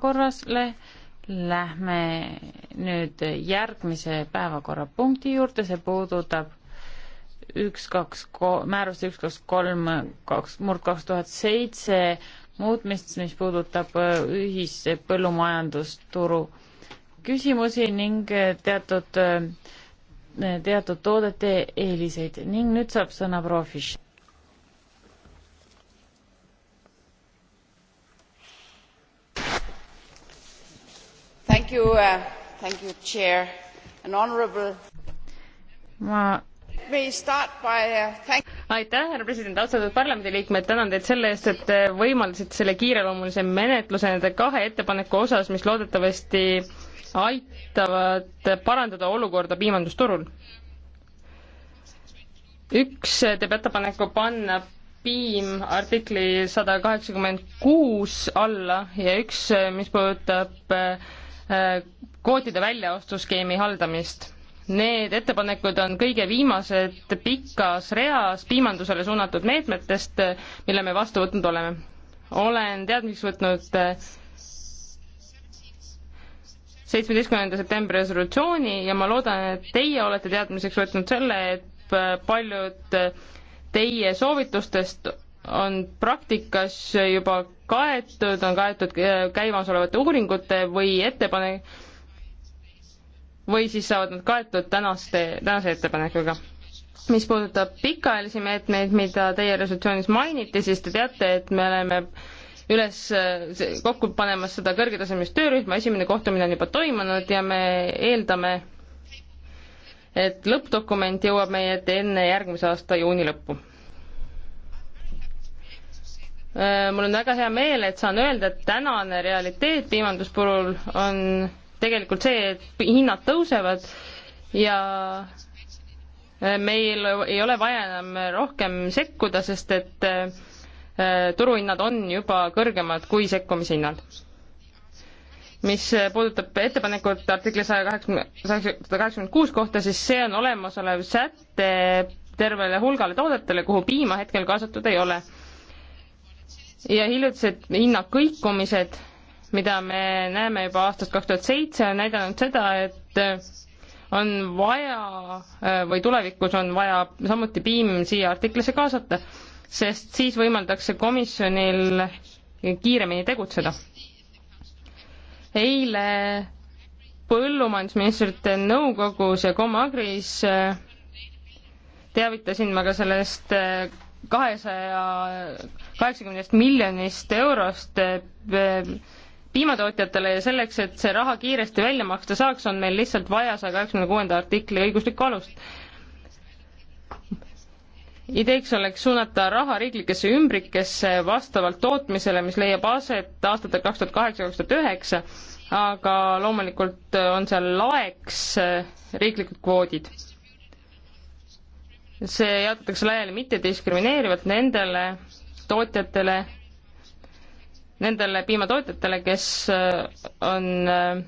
korrasle lähme nüüd järgmise päevakorrapunkti juurde, see puudutab üks, kaks, määrust üks, kaks, kolm, kaks, murd kaks tuhat seitse muutmist, mis puudutab äh, ühise põllumajandusturu küsimusi ning äh, teatud, äh, teatud toodete eeliseid ning nüüd saab sõna proua Fisch. You, uh, you, chair, honorable... ma uh, aitäh, härra president, austatud parlamendiliikmed, tänan teid selle eest, et te võimaldasite selle kiireloomulise menetluse nende kahe ettepaneku osas, mis loodetavasti aitavad parandada olukorda piimandusturul. üks teeb ettepaneku panna piim artikli sada kaheksakümmend kuus alla ja üks, mis puudutab äh, kvootide väljaostuskeemi haldamist. Need ettepanekud on kõige viimased pikas reas piimandusele suunatud meetmetest, mille me vastu võtnud oleme. olen teadmiseks võtnud eh, seitsmeteistkümnenda septembri resolutsiooni ja ma loodan, et teie olete teadmiseks võtnud selle, et eh, paljud teie soovitustest on praktikas juba kaetud, on kaetud äh, käimasolevate uuringute või ettepanek, või siis saavad nad kaetud tänaste, tänase ettepanekuga. mis puudutab pikaajalisi meetmeid, mida teie resolutsioonis mainiti, siis te teate, et me oleme üles äh, kokku panemas seda kõrgetasemelist töörühma, esimene kohtumine on juba toimunud ja me eeldame, et lõppdokument jõuab meie ette enne järgmise aasta juuni lõppu Äh, mul on väga hea meel, et saan öelda, et tänane realiteet piimandusturul on tegelikult see, et hinnad tõusevad ja äh, meil ei ole vaja enam rohkem sekkuda, sest et äh, turuhinnad on juba kõrgemad kui sekkumishinnad. mis puudutab ettepanekut artikli saja kaheksakümne, sada kaheksakümmend kuus kohta, siis see on olemasolev säte tervele hulgale toodetele, kuhu piima hetkel kaasatud ei ole ja hiljutised hinnakõikumised, mida me näeme juba aastast kaks tuhat seitse, on näidanud seda, et on vaja või tulevikus on vaja samuti piim siia artiklisse kaasata, sest siis võimaldatakse komisjonil kiiremini tegutseda. eile põllumajandusministrite nõukogus ja Comagris teavitasin ma ka sellest kahesaja kaheksakümnest miljonist eurost eh, piimatootjatele ja selleks, et see raha kiiresti välja maksta saaks, on meil lihtsalt vaja saja kaheksakümne kuuenda artikli õiguslikku alust. ideeks oleks suunata raha riiklikesse ümbrikesse vastavalt tootmisele, mis leiab aset aastatel kaks tuhat kaheksa, kaks tuhat üheksa, aga loomulikult on seal laeks eh, riiklikud kvoodid see jaotatakse laiali mittediskrimineerivalt nendele tootjatele, nendele piimatootjatele, kes äh, on äh,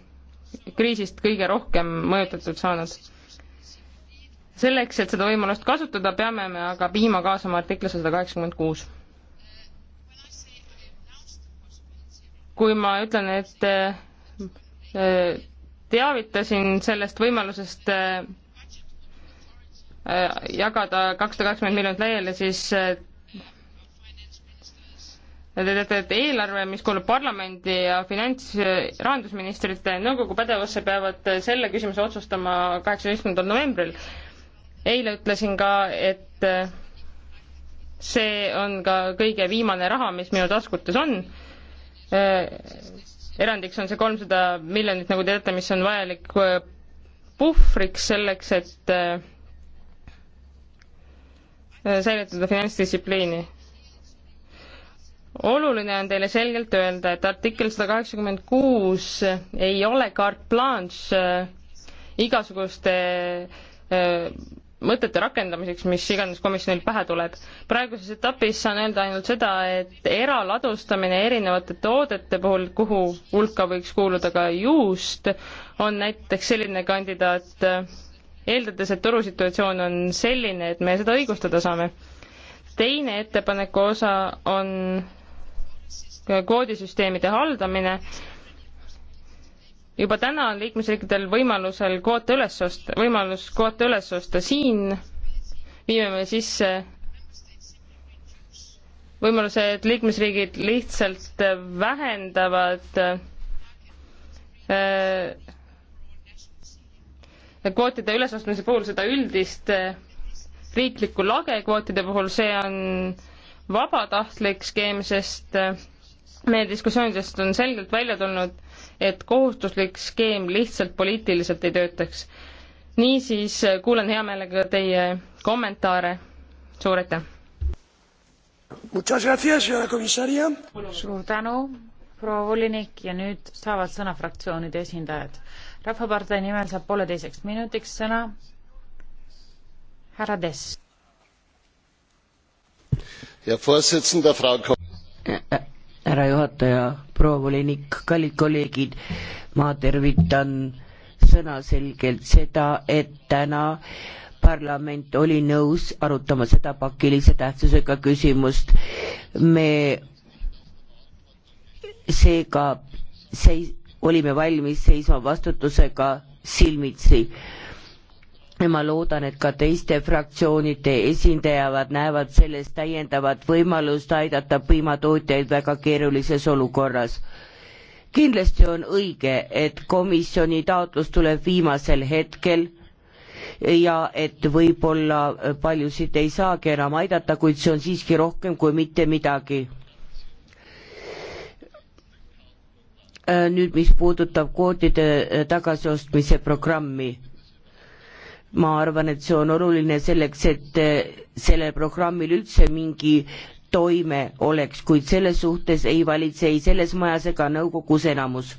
kriisist kõige rohkem mõjutatud saanud. selleks, et seda võimalust kasutada, peame me aga piima kaasama artiklisse sada kaheksakümmend kuus. kui ma ütlen, et äh, teavitasin sellest võimalusest Äh, jagada kakssada kakskümmend miljonit laiali, siis äh, te teate, et eelarve, mis kuulub parlamendi ja finants, rahandusministrite nõukogu pädevusse, peavad selle küsimuse otsustama kaheksateistkümnendal novembril. eile ütlesin ka, et äh, see on ka kõige viimane raha, mis minu taskutes on. erandiks on see kolmsada miljonit, nagu te teate, mis on vajalik puhvriks selleks, et Äh, säilitada finantsdistsipliini. oluline on teile selgelt öelda, et artikkel sada kaheksakümmend kuus ei ole carte blanche äh, igasuguste äh, mõtete rakendamiseks, mis iganes komisjonil pähe tuleb. praeguses etapis saan öelda ainult seda, et eraladustamine erinevate toodete puhul, kuhu hulka võiks kuuluda ka juust, on näiteks selline kandidaat, eeldades, et turusituatsioon on selline, et me seda õigustada saame. teine ettepaneku osa on kvoodisüsteemide haldamine. juba täna on liikmesriikidel võimalusel kvoote üles osta, võimalus kvoote üles osta, siin viime me sisse võimaluse, et liikmesriigid lihtsalt vähendavad äh, kvootide ülesostmise puhul seda üldist äh, riiklikku lage kvootide puhul, see on vabatahtlik skeem, sest äh, meie diskussioonidest on selgelt välja tulnud, et kohustuslik skeem lihtsalt poliitiliselt ei töötaks. niisiis äh, kuulan hea meelega teie kommentaare, suur aitäh! suur tänu, proua volinik ja nüüd saavad sõna fraktsioonide esindajad rahvapartei nimel saab pooleteiseks minutiks sõna härra Dess. härra juhataja, proua volinik, kallid kolleegid, ma tervitan sõnaselgelt seda, et täna parlament oli nõus arutama seda pakilise tähtsusega küsimust. me seega seis-, olime valmis seisma vastutusega silmitsi ja ma loodan, et ka teiste fraktsioonide esindajad näevad selles täiendavat võimalust aidata piimatootjaid väga keerulises olukorras. kindlasti on õige, et komisjoni taotlus tuleb viimasel hetkel ja et võib-olla paljusid ei saagi enam aidata, kuid see on siiski rohkem kui mitte midagi Äh, nüüd, mis puudutab kvootide äh, tagasiostmise programmi, ma arvan, et see on oluline selleks, et äh, sellel programmil üldse mingi toime oleks, kuid selles suhtes ei valitse ei selles majas ega nõukogus enamus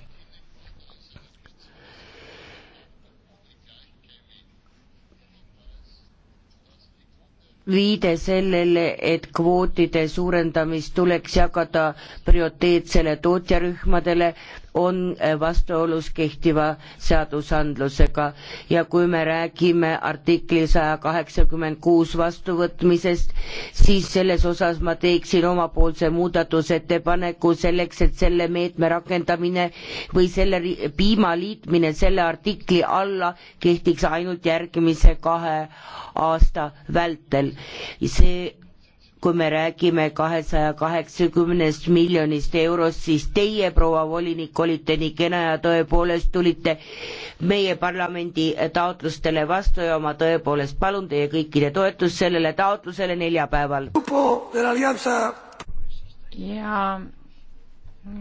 viide sellele, et kvootide suurendamist tuleks jagada prioriteetsele tootjarühmadele, on äh, vastuolus kehtiva seadusandlusega ja kui me räägime artikli saja kaheksakümmend kuus vastuvõtmisest, siis selles osas ma teeksin omapoolse muudatusettepaneku selleks, et selle meetme rakendamine või selle piima liitmine selle artikli alla kehtiks ainult järgmise kahe aasta vältel. see kui me räägime kahesaja kaheksakümnest miljonist eurost, siis teie, proua volinik, olite nii kena ja tõepoolest tulite meie parlamendi taotlustele vastu ja ma tõepoolest palun teie kõikide toetust sellele taotlusele neljapäeval. ja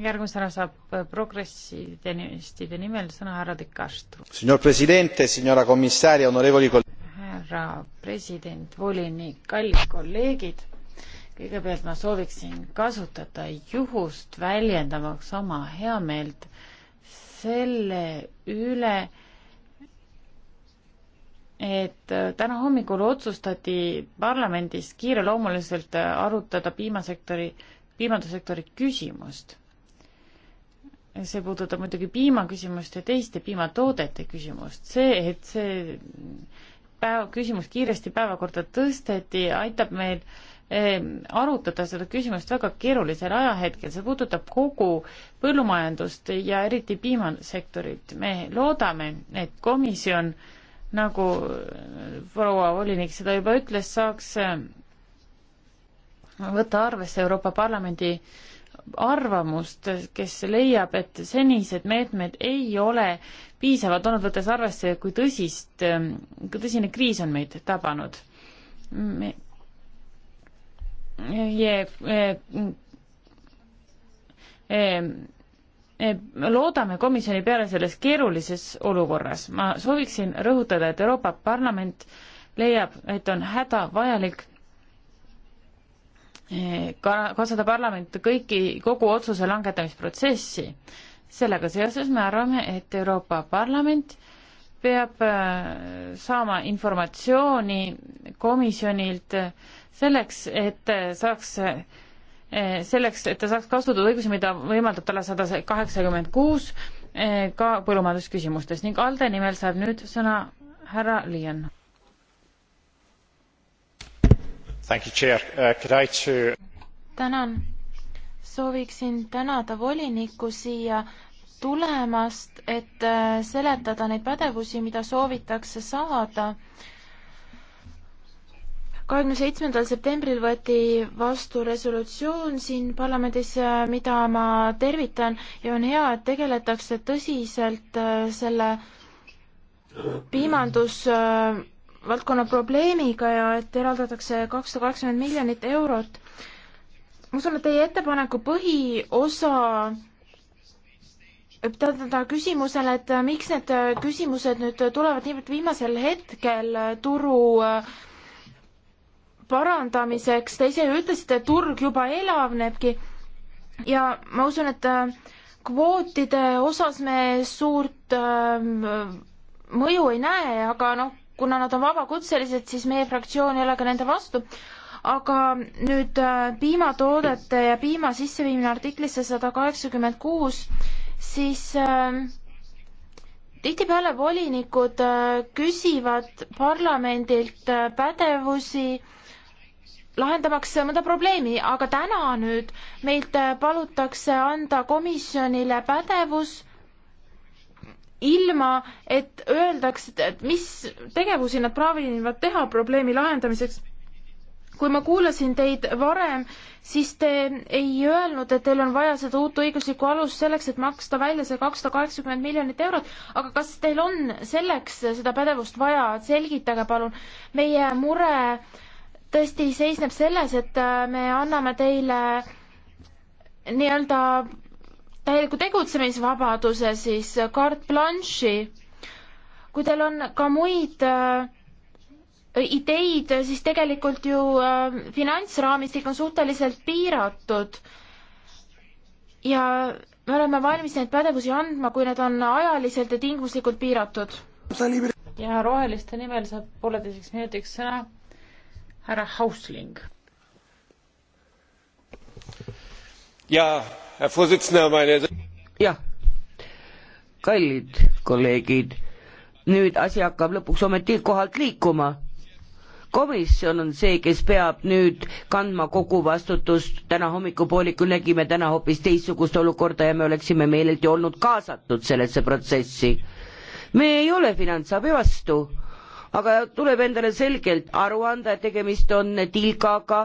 järgmisena saab progresside nimistide nimel sõna härra De Castro. Signor Presidente, signora Commissaria, onorevoli kolleegid. härra president, volinik, kallid kolleegid kõigepealt ma sooviksin kasutada juhust väljendamaks oma heameelt selle üle, et täna hommikul otsustati parlamendis kiireloomuliselt arutada piimasektori, piimandussektori küsimust. see puudutab muidugi piimaküsimust ja teiste piimatoodete küsimust. see, et see päev, küsimus kiiresti päevakorda tõsteti, aitab meil äh, Ehm, arutada seda küsimust väga keerulisel ajahetkel, see puudutab kogu põllumajandust ja eriti piimasektorit. me loodame, et komisjon, nagu proua volinik seda juba ütles, saaks ehm, võtta arvesse Euroopa Parlamendi arvamust, kes leiab, et senised meetmed ei ole piisavad olnud, võttes arvesse, kui tõsist, ehm, kui tõsine kriis on meid tabanud me E, e, e, loodame komisjoni peale selles keerulises olukorras. ma sooviksin rõhutada, et Euroopa Parlament leiab, et on hädavajalik ka-, kaasada parlament kõiki, kogu otsuse langetamisprotsessi. sellega seoses me arvame, et Euroopa Parlament peab saama informatsiooni komisjonilt äh, selleks, et saaks selleks, et ta saaks kasutada õigusi, mida võimaldab talle sada kaheksakümmend kuus eh, ka põllumajandusküsimustes ning ALDE nimel saab nüüd sõna härra Liian. Uh, tänan, sooviksin tänada volinikku siia tulemast, et eh, seletada neid pädevusi, mida soovitakse saada kahekümne seitsmendal septembril võeti vastu resolutsioon siin parlamendis, mida ma tervitan ja on hea, et tegeletakse tõsiselt äh, selle piimandusvaldkonna äh, probleemiga ja et eraldatakse kakssada kaheksakümmend miljonit eurot. ma usun, et teie ettepaneku põhiosa võib tähendada küsimusele, et miks need küsimused nüüd tulevad niivõrd viimasel hetkel äh, turu äh, parandamiseks, te ise ju ütlesite, et turg juba elavnebki ja ma usun, et äh, kvootide osas me suurt äh, mõju ei näe, aga noh, kuna nad on vabakutselised, siis meie fraktsioon ei ole ka nende vastu. aga nüüd äh, piimatoodete ja piima sisseviimine artiklisse sada kaheksakümmend kuus, siis äh, tihtipeale volinikud äh, küsivad parlamendilt äh, pädevusi äh, lahendamaks mõnda probleemi, aga täna nüüd meilt palutakse anda komisjonile pädevus ilma, et öeldakse, et mis tegevusi nad plaanivad teha probleemi lahendamiseks. kui ma kuulasin teid varem, siis te ei öelnud, et teil on vaja seda uut õiguslikku alust selleks, et maksta välja see kakssada kaheksakümmend miljonit eurot, aga kas teil on selleks seda pädevust vaja, selgitage palun. meie mure äh, tõesti seisneb selles, et äh, me anname teile nii-öelda täieliku tegutsemisvabaduse siis äh, carte blanche'i. kui teil on ka muid äh, ideid, siis tegelikult ju äh, finantsraamistik on suhteliselt piiratud. ja me oleme valmis neid pädevusi andma, kui need on ajaliselt ja tingimuslikult piiratud. ja roheliste nimel saab pooleteiseks minutiks sõna härra Hausling. jah, kallid kolleegid, nüüd asi hakkab lõpuks ometi kohalt liikuma komisjon on see, kes peab nüüd kandma kogu vastutust, täna hommikupoolikul nägime täna hoopis teistsugust olukorda ja me oleksime meeleldi olnud kaasatud sellesse protsessi. me ei ole finantsabi vastu, aga tuleb endale selgelt aru anda, et tegemist on tilgaga,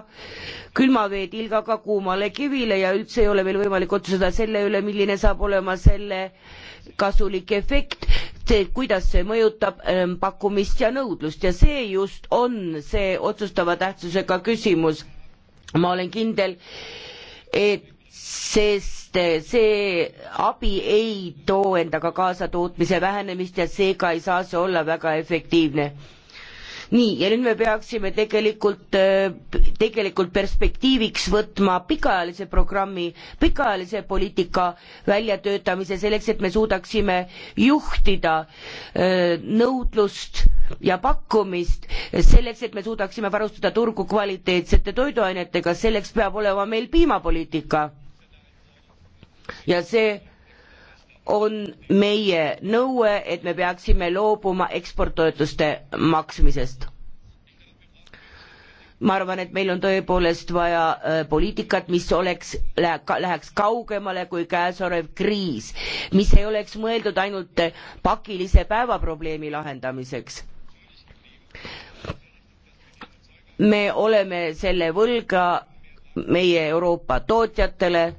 külmaveetilgaga kuumale kivile ja üldse ei ole meil võimalik otsustada selle üle, milline saab olema selle kasulik efekt, see, kuidas see mõjutab ähm, pakkumist ja nõudlust ja see just on see otsustava tähtsusega küsimus. ma olen kindel, et sest see abi ei too endaga kaasa tootmise vähenemist ja seega ei saa see olla väga efektiivne. nii, ja nüüd me peaksime tegelikult, tegelikult perspektiiviks võtma pikaajalise programmi, pikaajalise poliitika väljatöötamise selleks, et me suudaksime juhtida äh, nõudlust ja pakkumist selleks et me suudaksime varustada turgu kvaliteetsete toiduainetega selleks peab olema meil piimapoliitika ja see on meie nõue, et me peaksime loobuma ekspordtoetuste maksmisest. ma arvan, et meil on tõepoolest vaja äh, poliitikat, mis oleks, läheks kaugemale kui käesolev kriis, mis ei oleks mõeldud ainult äh, pakilise päevaprobleemi lahendamiseks. me oleme selle võlga meie Euroopa tootjatele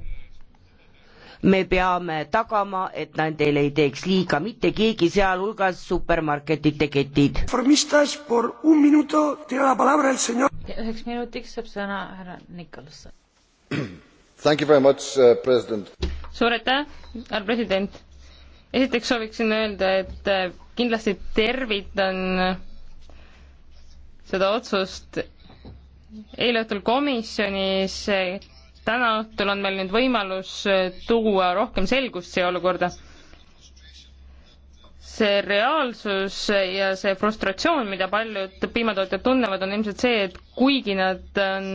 me peame tagama, et nendele ei teeks liiga mitte keegi, sealhulgas supermarketite ketid. üheks minutiks saab sõna härra Nikolson. Uh, suur aitäh, härra president. esiteks sooviksin öelda, et äh, kindlasti tervitan äh, seda otsust eile õhtul komisjonis äh, täna õhtul on meil nüüd võimalus äh, tuua rohkem selgust siia olukorda. see reaalsus ja see frustratsioon, mida paljud piimatootjad tunnevad, on ilmselt see, et kuigi nad on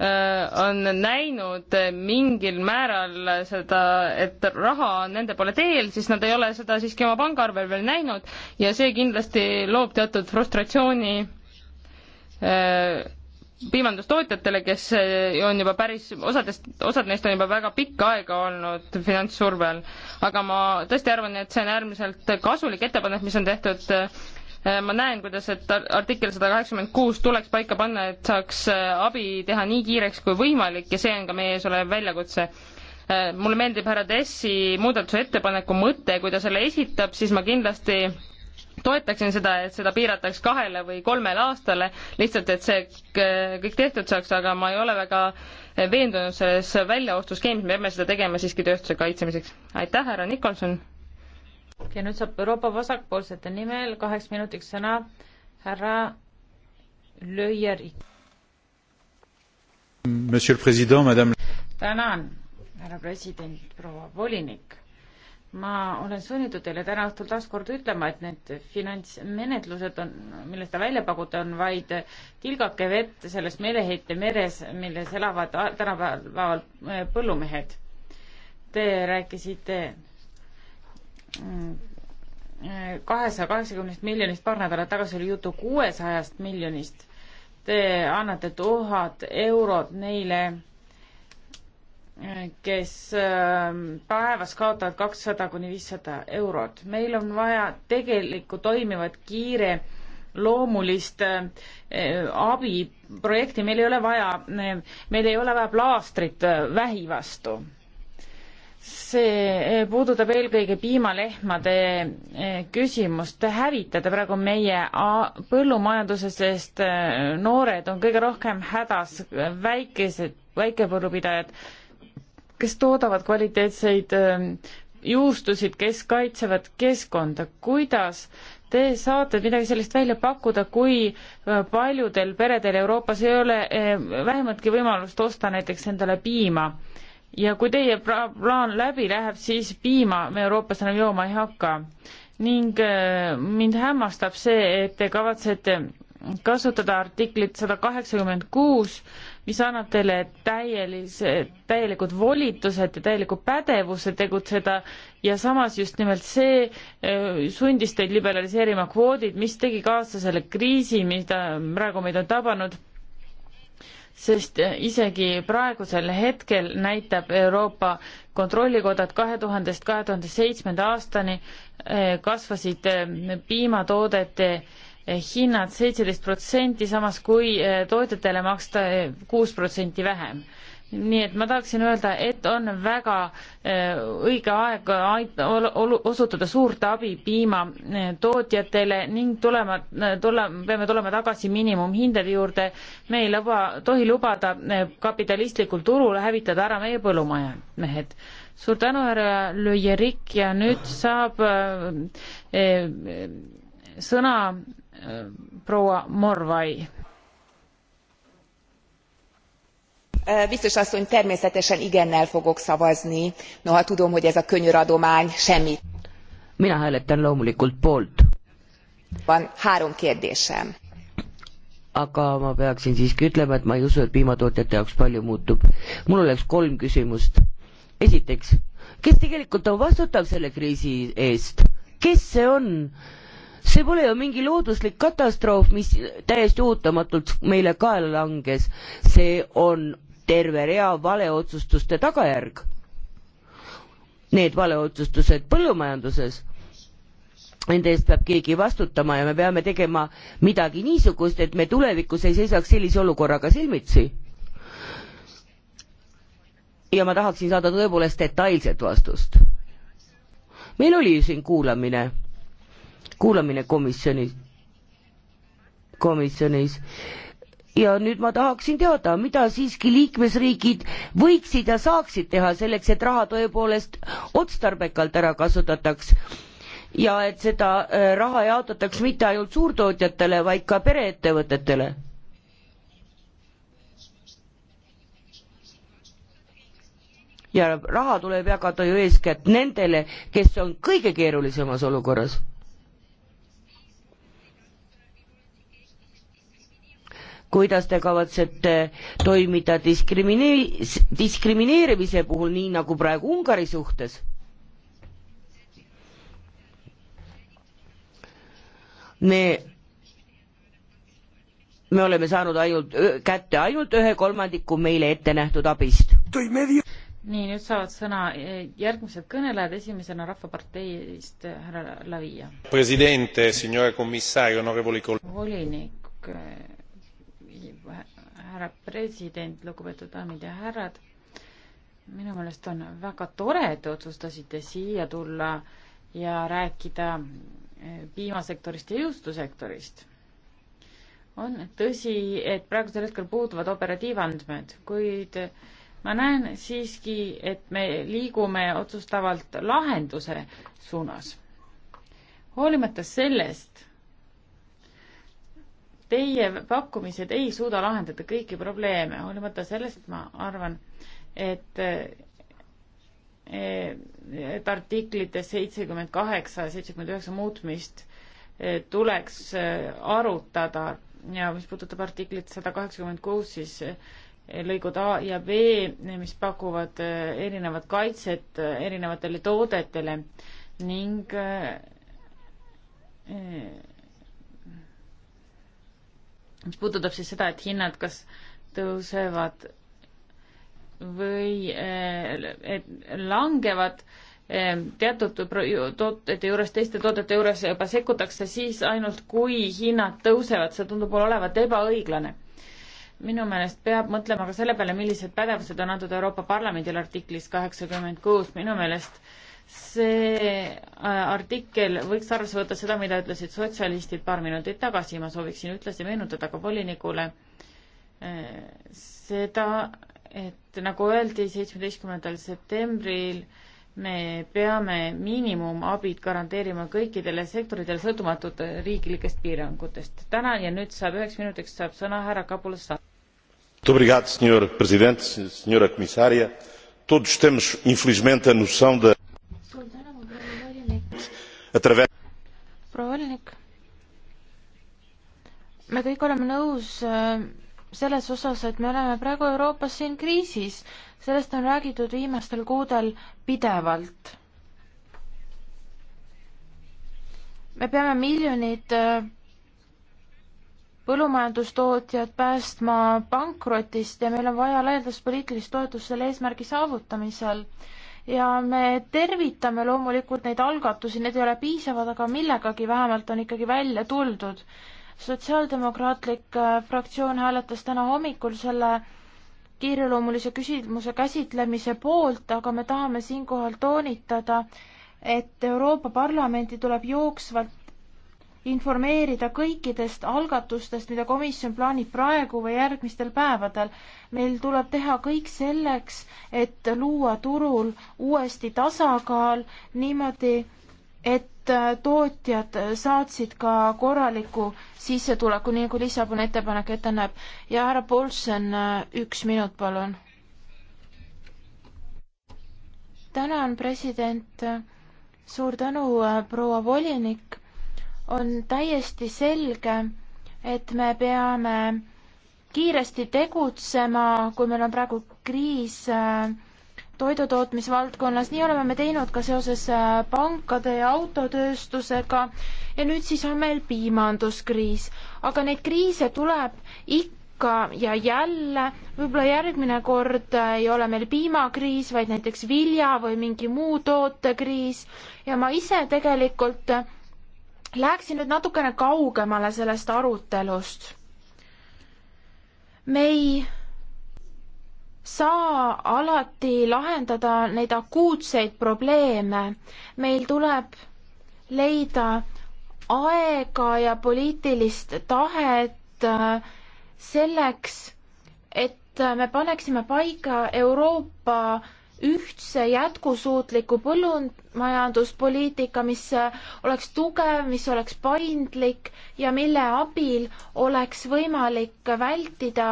äh, on näinud äh, mingil määral seda, et raha on nende poole teel, siis nad ei ole seda siiski oma pangaarvel veel näinud ja see kindlasti loob teatud frustratsiooni äh, piimandustootjatele, kes eh, on juba päris, osadest, osad neist on juba väga pikka aega olnud finantssurve all. aga ma tõesti arvan, et see on äärmiselt kasulik ettepanek, mis on tehtud. Eh, ma näen, kuidas, et artikkel sada kaheksakümmend kuus tuleks paika panna, et saaks eh, abi teha nii kiireks kui võimalik ja see on ka meie ees olev väljakutse mulle meeldib härra Tessi muudatuse ettepaneku mõte, kui ta selle esitab, siis ma kindlasti toetaksin seda, et seda piirataks kahele või kolmele aastale, lihtsalt et see kõik tehtud saaks, aga ma ei ole väga veendunud selles väljaostuskeemis, me peame seda tegema siiski tööstuse kaitsemiseks. aitäh, härra Nikolson! ja nüüd saab Euroopa vasakpoolsete nimel kaheks minutiks sõna härra Lööjeri. tänan, härra president, proua volinik ma olen sunnitud teile täna õhtul taas kord ütlema, et need finantsmenetlused on, millest te välja pakute, on vaid tilgake vett selles meeleheite meres, milles elavad tänapäeval äh, põllumehed. Te rääkisite mm, äh, kahesaja kaheksakümnest miljonist, paar nädalat tagasi oli juttu kuuesajast miljonist. Te annate tuhat eurot neile kes ähm, päevas kaotavad kakssada kuni viissada eurot. meil on vaja tegelikku toimivat kiire loomulist äh, abiprojekti, meil ei ole vaja, meil ei ole vaja plaastrit äh, vähi vastu. see äh, puudutab eelkõige piimalehmade küsimust, te hävitate praegu meie põllumajanduse, sest noored on kõige rohkem hädas, väikesed, väikepõllupidajad kes toodavad kvaliteetseid ähm, juustusid, kes kaitsevad keskkonda, kuidas te saate midagi sellist välja pakkuda, kui äh, paljudel peredel Euroopas ei ole äh, vähematki võimalust osta näiteks endale piima ja kui teie plaan läbi läheb, siis piima me Euroopas enam jooma ei hakka. ning äh, mind hämmastab see, et te kavatsete kasutada artiklit sada kaheksakümmend kuus mis annab teile täielise, täielikud volitused ja täieliku pädevuse tegutseda ja samas just nimelt see äh, sundis teid liberaliseerima kvoodid, mis tegi kaasa selle kriisi, mida praegu meid on tabanud. sest äh, isegi praegusel hetkel näitab Euroopa Kontrollikoda, et kahe tuhandest kahe tuhande seitsmenda aastani äh, kasvasid piimatoodete Eh, hinnad seitseteist protsenti, samas kui eh, tootjatele maksta eh, kuus protsenti vähem. nii et ma tahaksin öelda, et on väga õige aeg osutada suurt abi piimatootjatele ning tulema, tulla, peame tulema tagasi miinimumhindade juurde. me ei luba, tohi lubada kapitalistlikul turul hävitada ära meie põllumajamehed suur tänu, härra Lüjerik ja nüüd saab äh, äh, sõna Äh, proua Morvai. biztos asszony természetesen igennel fogok szavazni noha tudom hogy ez a könyöradomány semmit. mina hääletan loomulikult poolt. van három kérdésem. aga ma peaksin siiski ütlema et ma ei usu et piimatootjate jaoks palju muutub. mul oleks kolm küsimust. esiteks kes tegelikult on vastutav selle kriisi eest? kes see on? see pole ju mingi looduslik katastroof, mis täiesti ootamatult meile kaela langes. see on terve rea valeotsustuste tagajärg. Need valeotsustused põllumajanduses, nende eest peab keegi vastutama ja me peame tegema midagi niisugust, et me tulevikus ei seisaks sellise olukorraga silmitsi. ja ma tahaksin saada tõepoolest detailset vastust. meil oli siin kuulamine kuulamine komisjonis, komisjonis. ja nüüd ma tahaksin teada, mida siiski liikmesriigid võiksid ja saaksid teha selleks, et raha tõepoolest otstarbekalt ära kasutataks ja et seda äh, raha jaotataks mitte ainult suurtootjatele, vaid ka pereettevõtetele ja raha tuleb jagada ju eeskätt nendele kes on kõige keerulisemas olukorras. kuidas te kavatsete toimida diskrimineeri-, diskrimineerimise puhul, nii nagu praegu Ungari suhtes? me, me oleme saanud ainult, kätte ainult ühe kolmandiku meile ette nähtud abist. nii, nüüd saavad sõna eh, järgmised kõnelejad, esimesena Rahvaparteist eh, härra Lavia. president, signore commissario, onorevoli kolleegid. volinik eh, härra president, lugupeetud daamid ja härrad, minu meelest on väga tore, et te otsustasite siia tulla ja rääkida eh, piimasektorist ja juustusektorist. on tõsi, et praegusel hetkel puuduvad operatiivandmed, kuid ma näen siiski, et me liigume otsustavalt lahenduse suunas. hoolimata sellest, teie pakkumised ei suuda lahendada kõiki probleeme, hoolimata sellest ma arvan, et et artiklites seitsekümmend kaheksa, seitsekümmend üheksa muutmist eh, tuleks eh, arutada ja mis puudutab artiklit sada kaheksakümmend kuus, siis eh, lõigud A ja B, mis pakuvad erinevat kaitset erinevatele toodetele ning mis puudutab siis seda, et hinnad kas tõusevad või eh, et langevad eh, teatud toodete juures, teiste toodete juures juba sekkutakse siis ainult, kui hinnad tõusevad, see tundub olevat ebaõiglane. minu meelest peab mõtlema ka selle peale, millised pädevused on antud Euroopa Parlamendile artiklis kaheksakümmend kuus, minu meelest äh, see äh, artikkel võiks arvesse võtta seda, mida ütlesid sotsialistid paar minutit tagasi, ma sooviksin ühtlasi meenutada ka volinikule äh, seda, et nagu öeldi, seitsmeteistkümnendal septembril me peame miinimumabid garanteerima kõikidele sektoritele, sõltumatult riiklikest piirangutest. tänan ja nüüd saab üheks minutiks saab sõna härra Kapulas. Obrigado, senhor presidente, senhora comissária. Todos temos, infelizmente, a noção da proua volinik, me kõik oleme nõus äh, selles osas, et me oleme praegu Euroopas siin kriisis, sellest on räägitud viimastel kuudel pidevalt. me peame miljonid äh, põllumajandustootjad päästma pankrotist ja meil on vaja laialdast poliitilist toetust selle eesmärgi saavutamisel ja me tervitame loomulikult neid algatusi, need ei ole piisavad, aga millegagi vähemalt on ikkagi välja tuldud. sotsiaaldemokraatlik äh, fraktsioon hääletas täna hommikul selle kiireloomulise küsimuse käsitlemise poolt, aga me tahame siinkohal toonitada, et Euroopa Parlamenti tuleb jooksvalt informeerida kõikidest algatustest, mida komisjon plaanib praegu või järgmistel päevadel. meil tuleb teha kõik selleks, et luua turul uuesti tasakaal niimoodi, et tootjad saatsid ka korraliku sissetuleku, nii nagu Lissaboni ettepanek ette näeb. ja härra Paulsen, üks minut, palun. tänan, president. suur tänu, proua volinik on täiesti selge, et me peame kiiresti tegutsema, kui meil on praegu kriis äh, toidutootmisvaldkonnas, nii oleme me teinud ka seoses äh, pankade ja autotööstusega ja nüüd siis on meil piimanduskriis. aga neid kriise tuleb ikka ja jälle, võib-olla järgmine kord äh, ei ole meil piimakriis, vaid näiteks vilja või mingi muu tootekriis ja ma ise tegelikult Läheksin nüüd natukene kaugemale sellest arutelust. me ei saa alati lahendada neid akuutseid probleeme. meil tuleb leida aega ja poliitilist tahet äh, selleks, et me paneksime paika Euroopa ühtse jätkusuutliku põllumajanduspoliitika, mis oleks tugev, mis oleks paindlik ja mille abil oleks võimalik vältida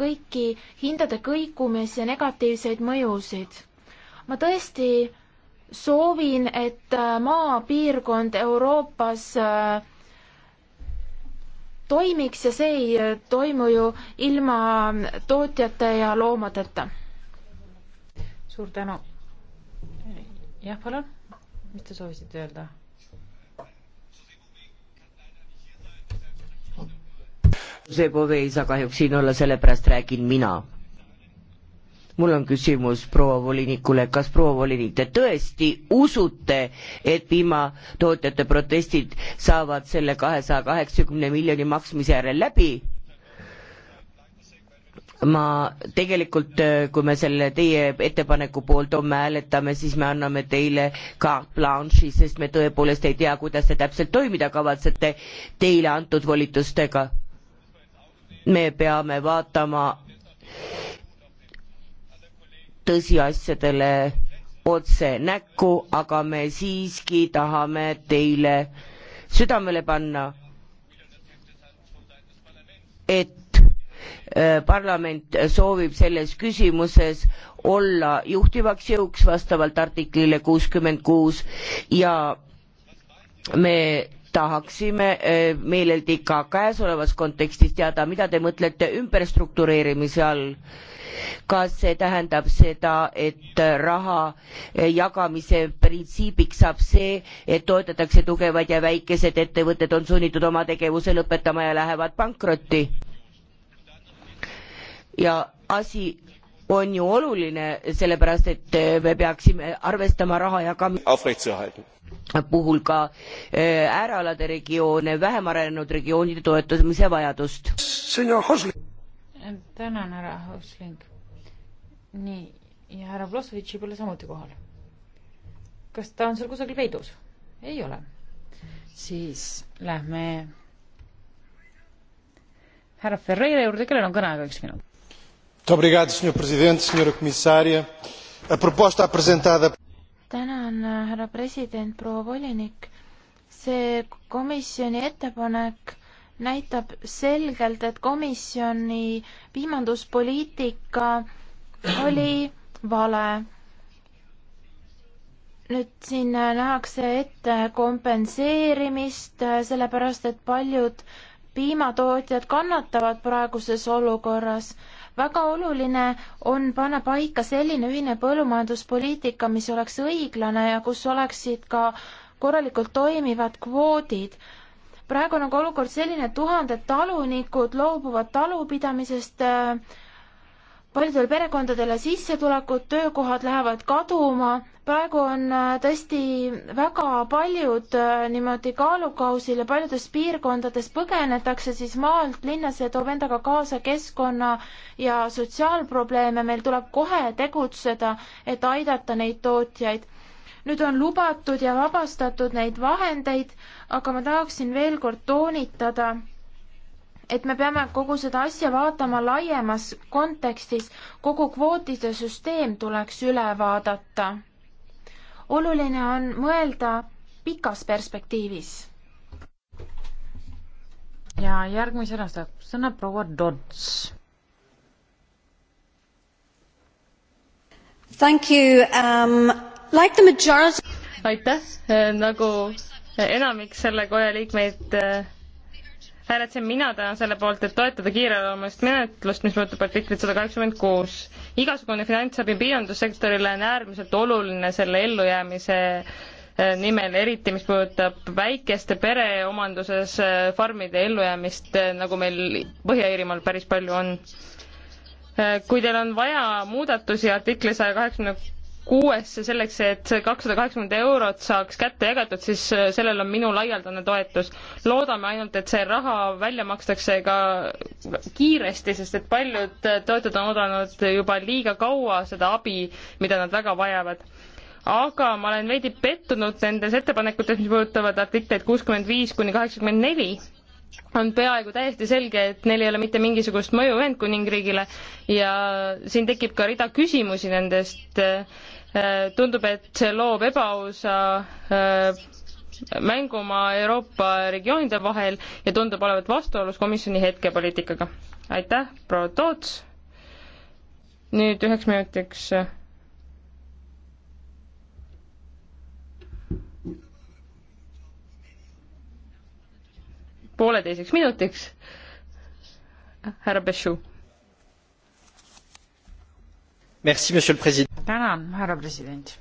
kõiki hindade kõikumisi ja negatiivseid mõjusid. ma tõesti soovin, et maapiirkond Euroopas äh, toimiks ja see ei toimu ju ilma tootjate ja loomadeta suur tänu. jah, palun, mis te soovisite öelda? see Bove ei saa kahjuks siin olla, sellepärast räägin mina. mul on küsimus proua volinikule, kas proua volinik, te tõesti usute, et piimatootjate protestid saavad selle kahesaja kaheksakümne miljoni maksmise järel läbi? ma tegelikult, äh, kui me selle teie ettepaneku poolt homme hääletame, siis me anname teile carte blanche'i, sest me tõepoolest ei tea, kuidas te täpselt toimida kavatsete teile antud volitustega. me peame vaatama tõsiasjadele otse näkku, aga me siiski tahame teile südamele panna, et Äh, parlament soovib selles küsimuses olla juhtivaks jõuks vastavalt artiklile kuuskümmend kuus ja me tahaksime äh, meeleldi ka käesolevas kontekstis teada, mida te mõtlete ümberstruktureerimise all. kas see tähendab seda, et raha äh, jagamise printsiibiks saab see, et toetatakse tugevaid ja väikesed ettevõtted on sunnitud oma tegevuse lõpetama ja lähevad pankrotti? ja asi on ju oluline, sellepärast et äh, me peaksime arvestama raha jagamise puhul ka äh, äärealade regioone, vähem arenenud regioonide toetamise vajadust. tänan, härra Hosling. nii, ja härra Vlasovitši pole samuti kohal. kas ta on seal kusagil peidus? ei ole. siis lähme härra Ferreira juurde, kellel on kõneaega üks minut Sr. president, Sra. komissaria, proposta apresentada. tänan, härra president, proua volinik. see komisjoni ettepanek näitab selgelt, et komisjoni piimanduspoliitika oli vale. nüüd siin nähakse ette kompenseerimist, sellepärast et paljud piimatootjad kannatavad praeguses olukorras väga oluline on panna paika selline ühine põllumajanduspoliitika, mis oleks õiglane ja kus oleksid ka korralikult toimivad kvoodid praegu on aga olukord selline, et tuhanded talunikud loobuvad talupidamisest äh, paljudel perekondadele sissetulekud, töökohad lähevad kaduma, praegu on äh, tõesti väga paljud äh, niimoodi kaalukausil ja paljudes piirkondades põgenetakse siis maalt linna, see toob endaga kaasa keskkonna ja sotsiaalprobleeme, meil tuleb kohe tegutseda, et aidata neid tootjaid. nüüd on lubatud ja vabastatud neid vahendeid, aga ma tahaksin veel kord toonitada et me peame kogu seda asja vaatama laiemas kontekstis, kogu kvootide süsteem tuleks üle vaadata. oluline on mõelda pikas perspektiivis. ja järgmisena saab sõna proua Dots. Thank you um,. Like the majority. aitäh, eh, nagu enamik selle koja liikmeid eh, hääletasin mina täna selle poolt, et toetada kiireloomulist menetlust, mis puudutab artiklit sada kaheksakümmend kuus. igasugune finantsabi piirandussektorile on äärmiselt oluline selle ellujäämise eh, nimel, eriti mis puudutab väikeste pereomanduses eh, farmide ellujäämist, eh, nagu meil Põhja-Iirimaal päris palju on. kui teil on vaja muudatusi artikli saja kaheksakümne kuuesse selleks, et see kakssada kaheksakümmend eurot saaks kätte jagatud, siis äh, sellel on minu laialdane toetus. loodame ainult, et see raha välja makstakse ka kiiresti, sest et paljud äh, toetajad on oodanud juba liiga kaua seda abi, mida nad väga vajavad aga ma olen veidi pettunud nendes ettepanekutes, mis puudutavad artikleid kuuskümmend viis kuni kaheksakümmend neli, on peaaegu täiesti selge, et neil ei ole mitte mingisugust mõju Ühendkuningriigile ja siin tekib ka rida küsimusi nendest äh, Äh, tundub, et see loob ebaausa äh, mängumaa Euroopa regioonide vahel ja tundub olevat vastuolus komisjoni hetkepoliitikaga. aitäh, proua Toots. nüüd üheks minutiks. Äh, pooleteiseks minutiks. härra Peshu tänan, härra president.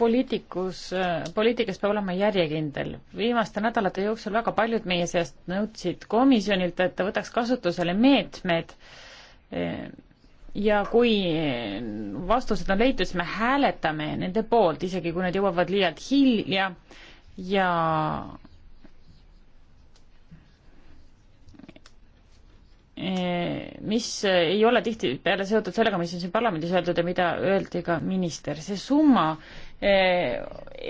poliitikus, äh, poliitikas peab olema järjekindel. viimaste nädalate jooksul väga paljud meie seast nõudsid komisjonilt, et ta võtaks kasutusele meetmed äh, ja kui äh, vastused on leitud, siis me hääletame nende poolt, isegi kui need jõuavad liialt hilja ja Eh, mis eh, ei ole tihtipeale seotud sellega, mis on siin parlamendis öeldud ja mida öeldi ka minister. see summa eh,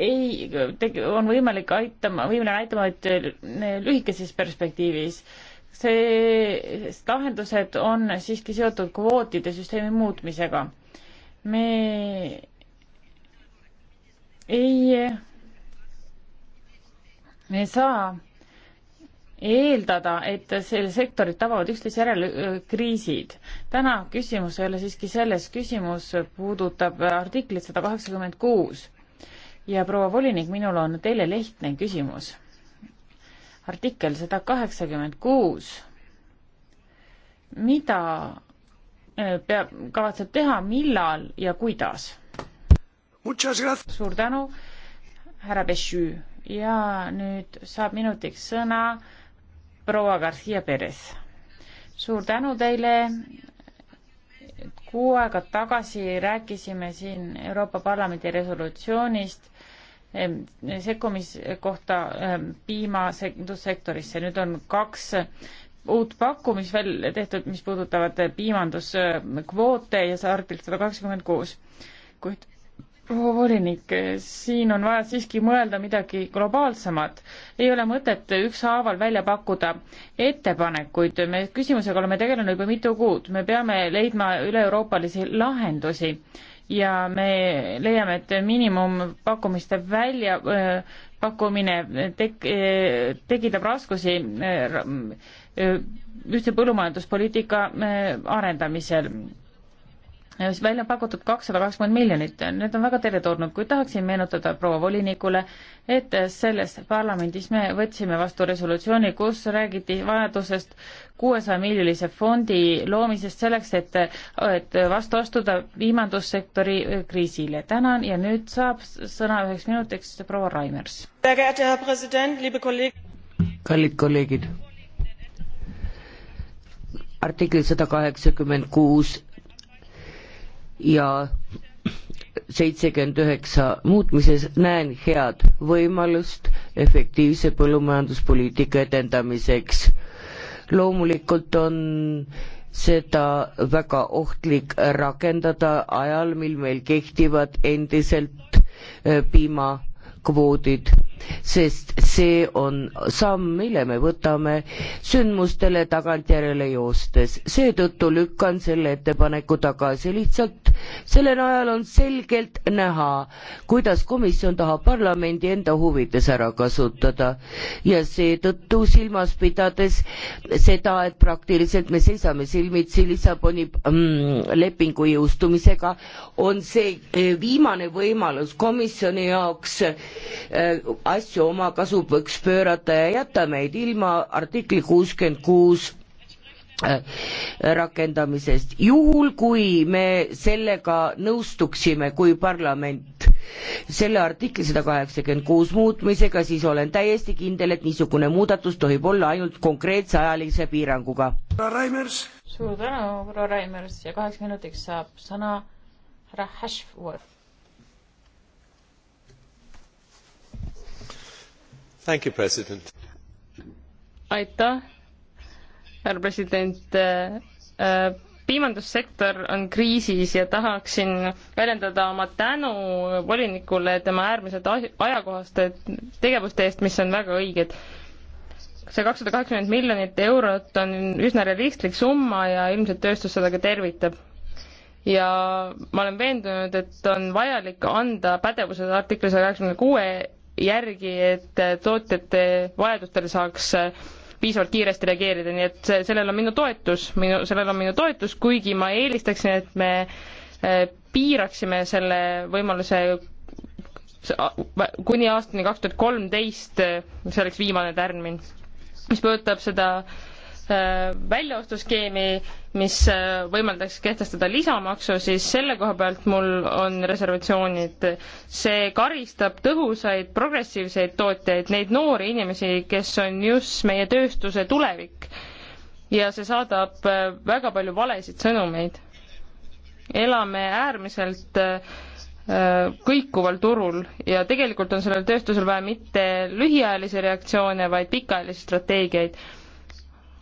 ei, on võimalik aitama, võimeline aitama vaid lühikeses perspektiivis. see, sest lahendused on siiski seotud kvootide süsteemi muutmisega. me ei, me ei saa eeldada, et selle sektorit tabavad üksteise järel äh, kriisid. täna küsimus ei ole siiski selles, küsimus puudutab äh, artiklit sada kaheksakümmend kuus. ja proua volinik, minul on teile lihtne küsimus. artikkel sada kaheksakümmend kuus, mida äh, peab, kavatseb teha, millal ja kuidas? suur tänu, härra Bechü ja nüüd saab minutiks sõna proua Garcia Perez. suur tänu teile. kuu aega tagasi rääkisime siin Euroopa Parlamendi resolutsioonist sekkumise kohta piimasektorisse. nüüd on kaks uut pakku, mis veel tehtud, mis puudutavad piimanduskvoote ja see artikkel sada kakskümmend kuus. kuid proua volinik, siin on vaja siiski mõelda midagi globaalsemat. ei ole mõtet ükshaaval välja pakkuda ettepanekuid, me küsimusega oleme tegelenud juba mitu kuud, me peame leidma üle-euroopalisi lahendusi ja me leiame, et miinimumpakkumiste välja äh, pakkumine tek-, äh, tekitab raskusi äh, ühtse põllumajanduspoliitika arendamisel välja pakutud kakssada kakskümmend miljonit, need on väga teretulnud, kuid tahaksin meenutada proua volinikule, et selles parlamendis me võtsime vastu resolutsiooni, kus räägiti vajadusest kuuesaja miljonilise fondi loomisest selleks, et, et vastu astuda viimandussektori kriisile. tänan ja nüüd saab sõna üheks minutiks proua Raimers. kallid kolleegid, artikkel sada kaheksakümmend kuus ja seitsekümmend üheksa muutmises näen head võimalust efektiivse põllumajanduspoliitika edendamiseks. loomulikult on seda väga ohtlik rakendada ajal, mil meil kehtivad endiselt eh, piimakvoodid sest see on samm, mille me võtame sündmustele tagantjärele joostes. seetõttu lükkan selle ettepaneku tagasi, lihtsalt selle najal on selgelt näha, kuidas komisjon tahab parlamendi enda huvides ära kasutada ja seetõttu silmas pidades seda, et praktiliselt me seisame silmitsi Lissaboni mm, lepingu jõustumisega, on see eh, viimane võimalus komisjoni jaoks äh, asju oma kasupõks pöörata ja jätta meid ilma artikli kuuskümmend kuus äh, rakendamisest. juhul, kui me sellega nõustuksime, kui parlament selle artikli sada kaheksakümmend kuus muutmisega, siis olen täiesti kindel, et niisugune muudatus tohib olla ainult konkreetse ajalise piiranguga. suur tänu, proua Raimers ja kaheks minutiks saab sõna härra Hashworth aitäh, härra president. Äh, piimandussektor on kriisis ja tahaksin väljendada oma tänu volinikule tema äärmiselt ajakohaste tegevuste eest, mis on väga õiged see kakssada kaheksakümmend miljonit eurot on üsna realistlik summa ja ilmselt tööstus seda ka tervitab. ja ma olen veendunud, et on vajalik anda pädevused artikli saja kaheksakümne kuue järgi, et tootjate vajadustele saaks piisavalt kiiresti reageerida, nii et sellel on minu toetus, minu, sellel on minu toetus, kuigi ma eelistaksin, et me eh, piiraksime selle võimaluse kuni aastani kaks tuhat kolmteist, eh, see oleks viimane tärmin. mis puudutab seda äh, Äh, väljaostuskeemi, mis äh, võimaldaks kehtestada lisamaksu, siis selle koha pealt mul on reservatsioonid. see karistab tõhusaid progressiivseid tootjaid, neid noori inimesi, kes on just meie tööstuse tulevik. ja see saadab äh, väga palju valesid sõnumeid. elame äärmiselt kõikuval turul ja tegelikult on sellel tööstusel vaja mitte lühiajalisi reaktsioone, vaid pikaajalisi strateegiaid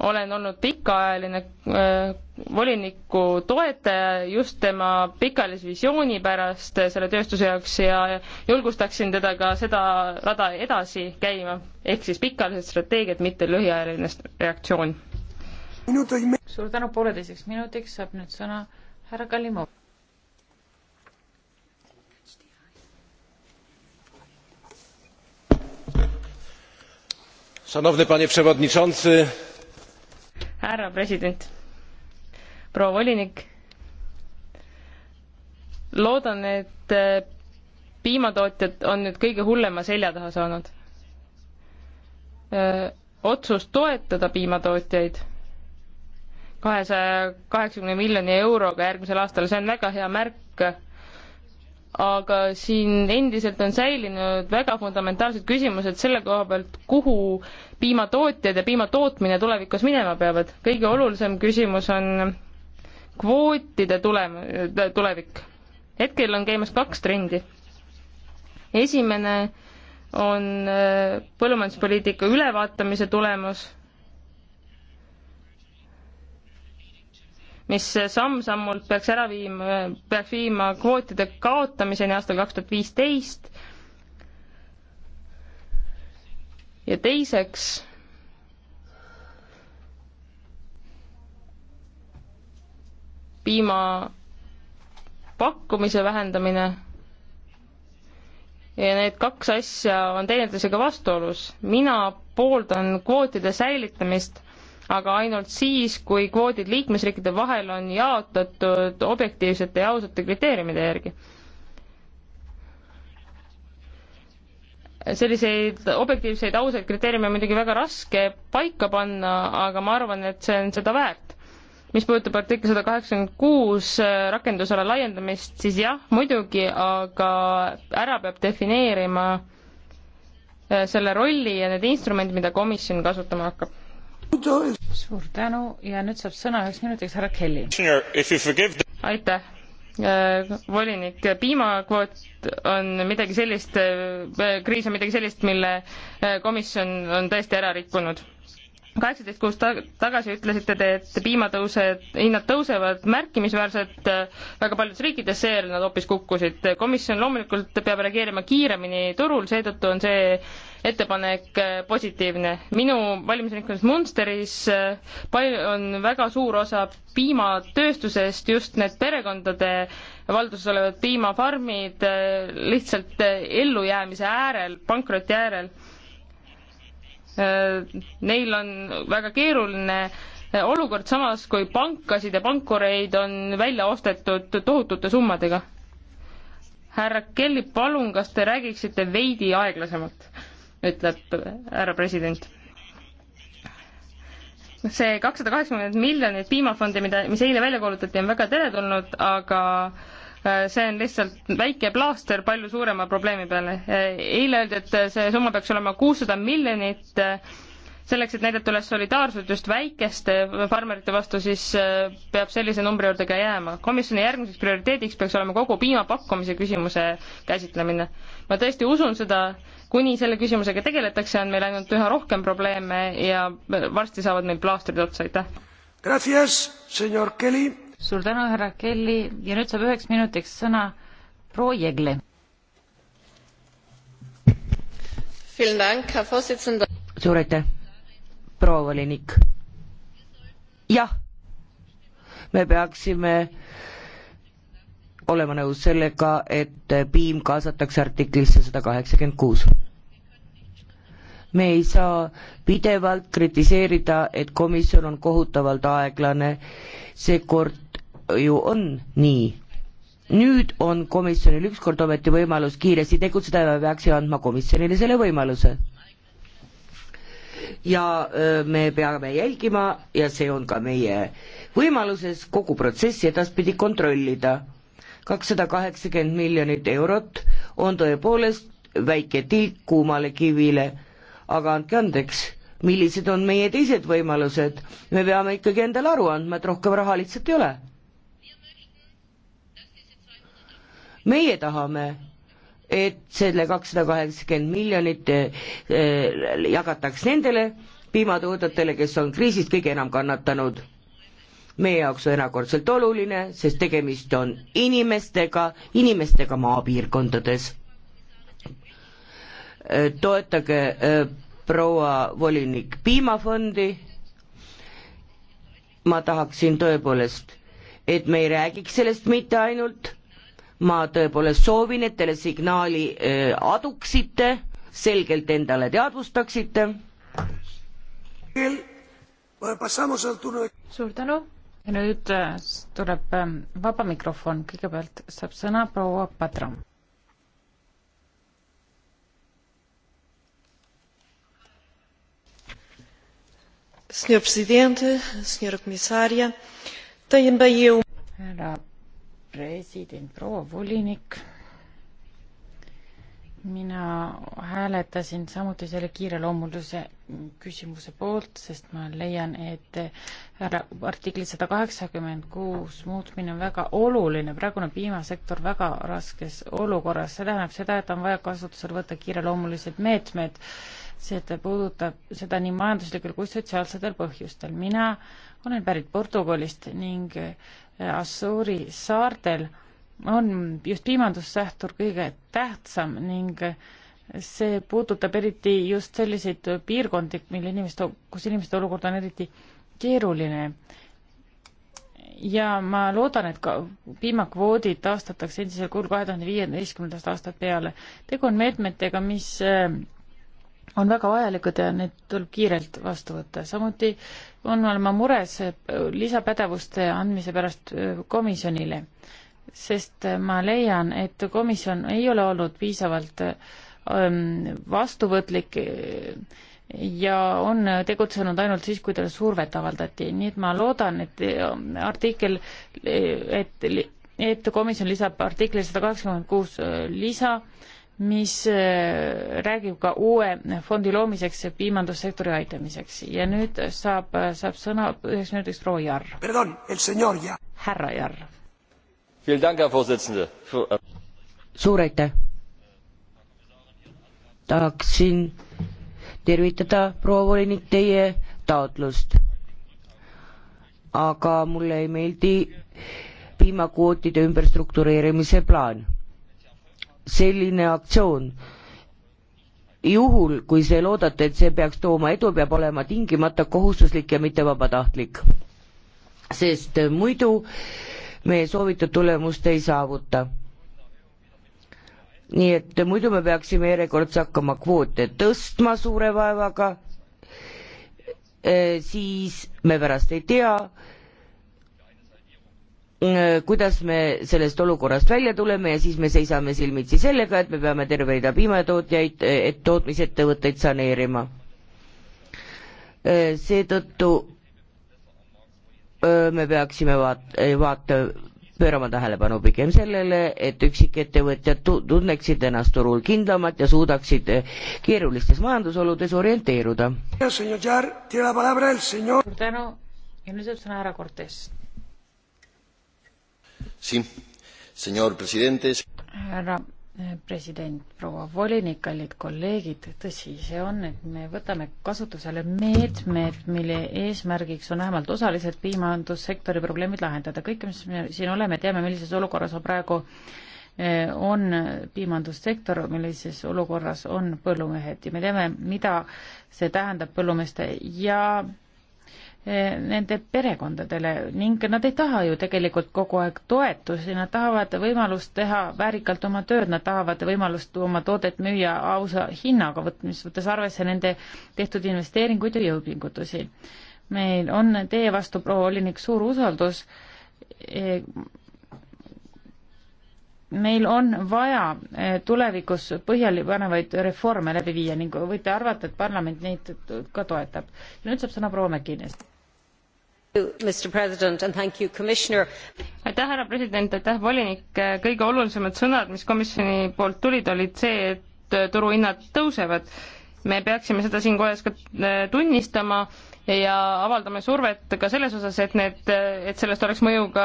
olen olnud pikaajaline äh, voliniku toetaja just tema pikaajalise visiooni pärast äh, selle tööstuse jaoks ja julgustaksin teda ka seda rada edasi käima, ehk siis pikaajalised strateegiad, mitte lühiajaline reaktsioon. suur tänu, pooleteiseks minutiks saab nüüd sõna härra Kallimov. Szanowny panie przewodniczący, härra president, proua volinik, loodan, et eh, piimatootjad on nüüd kõige hullema selja taha saanud. Eh, otsus toetada piimatootjaid kahesaja kaheksakümne miljoni euroga järgmisel aastal, see on väga hea märk aga siin endiselt on säilinud väga fundamentaalsed küsimused selle koha pealt, kuhu piimatootjad ja piimatootmine tulevikus minema peavad. kõige olulisem küsimus on kvootide tulem-, tulevik. hetkel on käimas kaks trendi. esimene on äh, põllumajanduspoliitika ülevaatamise tulemus mis samm-sammult peaks ära viima, peaks viima kvootide kaotamiseni aastal kaks tuhat viisteist. ja teiseks piima pakkumise vähendamine ja need kaks asja on teineteisega vastuolus. mina pooldan kvootide säilitamist aga ainult siis, kui kvoodid liikmesriikide vahel on jaotatud objektiivsete ja ausate kriteeriumide järgi. selliseid objektiivseid ausaid kriteeriume on muidugi väga raske paika panna, aga ma arvan, et see on seda väärt mis puudutab artikli sada kaheksakümmend kuus äh, rakendusala laiendamist, siis jah, muidugi, aga ära peab defineerima äh, selle rolli ja need instrumendid, mida komisjon kasutama hakkab suur tänu ja nüüd saab sõna üheks minutiks härra Kelly. aitäh äh, volinik, piimakvoot on midagi sellist, äh, kriis on midagi sellist, mille äh, komisjon on täiesti ära rikkunud. kaheksateist kuud tagasi ütlesite te, et piimatõused, hinnad tõusevad märkimisväärselt väga paljudes riikides, seejärel nad hoopis kukkusid. komisjon loomulikult peab reageerima kiiremini turul, seetõttu on see ettepanek äh, positiivne. minu valimisringkonnas Munsteris äh, palju, on väga suur osa piimatööstusest, just need perekondade valduses olevad piimafarmid äh, lihtsalt ellujäämise äärel, pankroti äärel. Neil on väga keeruline olukord, samas kui pankasid ja pankureid on välja ostetud tohutute summadega härra Kelly, palun, kas te räägiksite veidi aeglasemalt? ütleb härra president. see kakssada kaheksakümmend miljonit piimafondi, mida, mis eile välja kuulutati, on väga teretulnud, aga äh, see on lihtsalt väike plaaster palju suurema probleemi peale. Äh, eile öeldi, et äh, see summa peaks olema kuussada miljonit selleks, et näidata üles solidaarsust just väikeste farmerite vastu, siis peab sellise numbri juurde ka jääma. komisjoni järgmiseks prioriteediks peaks olema kogu piimapakkumise küsimuse käsitlemine. ma tõesti usun seda, kuni selle küsimusega tegeletakse, on meil ainult üha rohkem probleeme ja varsti saavad meil plaastrid otsa, aitäh! suur tänu, härra Kelly ja nüüd saab üheks minutiks sõna proua Jegle. suur aitäh, proua volinik! jah, me peaksime olema nõus sellega, et piim kaasatakse artiklisse sada kaheksakümmend kuus me ei saa pidevalt kritiseerida, et komisjon on kohutavalt aeglane, seekord ju on nii. nüüd on komisjonil ükskord ometi võimalus kiiresti tegutseda ja me peaksime andma komisjonile selle võimaluse ja me peame jälgima ja see on ka meie võimaluses kogu protsessi edaspidi kontrollida. kakssada kaheksakümmend miljonit eurot on tõepoolest väike tilk kuumale kivile aga andke andeks, millised on meie teised võimalused, me peame ikkagi endale aru andma, et rohkem raha lihtsalt ei ole. meie tahame, et selle kakssada kaheksakümmend miljonit eh, jagataks nendele piimatoodetele, kes on kriisist kõige enam kannatanud meie jaoks on erakordselt oluline, sest tegemist on inimestega, inimestega maapiirkondades. Äh, toetage äh, proua volinik piimafondi, ma tahaksin tõepoolest, et me ei räägiks sellest mitte ainult, ma tõepoolest soovin, et te signaali äh, aduksite, selgelt endale teadvustaksite. suur tänu ja nüüd tuleb vaba mikrofon, kõigepealt saab sõna proua Padram Senhor Presidente, Senhora Comissária, também eu. härra president, proua volinik mina hääletasin samuti selle kiireloomulisuse küsimuse poolt, sest ma leian, et äh, artikli sada kaheksakümmend kuus muutmine on väga oluline, praegune piimasektor väga raskes olukorras, see tähendab seda, et on vaja kasutusele võtta kiireloomulised meetmed, see puudutab seda nii majanduslikel kui sotsiaalsetel põhjustel. mina olen pärit Portugalist ning äh, Assuuri saartel on just piimandussähtur kõige tähtsam ning see puudutab eriti just selliseid piirkondi, mille inimeste, kus inimeste olukord on eriti keeruline. ja ma loodan, et ka piimakvoodid taastatakse endisel kujul kahe tuhande viieteistkümnendast aastat peale. tegu on meetmetega, mis äh, on väga vajalikud ja need tuleb kiirelt vastu võtta. samuti on olema mures lisapädevuste andmise pärast äh, komisjonile sest ma leian, et komisjon ei ole olnud piisavalt ähm, vastuvõtlik äh, ja on tegutsenud ainult siis, kui talle survet avaldati, nii et ma loodan, et äh, artikkel, äh, et, et komisjon lisab artikli sada kaheksakümmend kuus lisa, mis räägib ka uue fondi loomiseks piimandussektori aitamiseks ja nüüd saab, saab sõna üheks minutiks proua Jarr. härra Jarr Äh, suur aitäh! tahaksin tervitada, proua volinik, teie taotlust. aga mulle ei meeldi piimakvootide ümberstruktureerimise plaan. selline aktsioon, juhul kui see loodate, et see peaks tooma edu, peab olema tingimata kohustuslik ja mitte vabatahtlik. sest muidu äh, me soovitud tulemust ei saavuta. nii et muidu me peaksime järjekordse hakkama kvoote tõstma suure vaevaga, siis me pärast ei tea, kuidas me sellest olukorrast välja tuleme ja siis me seisame silmitsi sellega, et me peame terve rida piimatootjaid, e, et tootmisettevõtteid saneerima. seetõttu me peaksime vaat-, vaata, pöörama tähelepanu pigem sellele, et üksikettevõtjad tu-, tunneksid ennast turul kindlamalt ja suudaksid eh, keerulistes majandusoludes orienteeruda. suur tänu ja nüüd saab sõna härra Cortes. härra president, proua volinik, kallid kolleegid, tõsi see on, et me võtame kasutusele meetmed, mille eesmärgiks on vähemalt osaliselt piimandussektori probleemid lahendada. kõik, mis me siin oleme, teame, millises olukorras on praegu eh, on piimandussektor, millises olukorras on põllumehed ja me teame, mida see tähendab põllumeeste ja nende perekondadele ning nad ei taha ju tegelikult kogu aeg toetusi, nad tahavad võimalust teha väärikalt oma tööd, nad tahavad võimalust oma toodet müüa ausa hinnaga, võtmis, võttes arvesse nende tehtud investeeringuid ja jõupingutusi. meil on teie vastu, proua Olinik, suur usaldus. E, meil on vaja e, tulevikus põhjalipanevaid reforme läbi viia ning võite arvata, et parlament neid ka toetab. nüüd saab sõna proua Mäkinist aitäh härra president aitäh volinik kõige olulisemad sõnad mis komisjoni poolt tulid olid see et turuhinnad tõusevad me peaksime seda siin kojas ka eh, tunnistama ja avaldame survet ka selles osas, et need, et sellest oleks mõju ka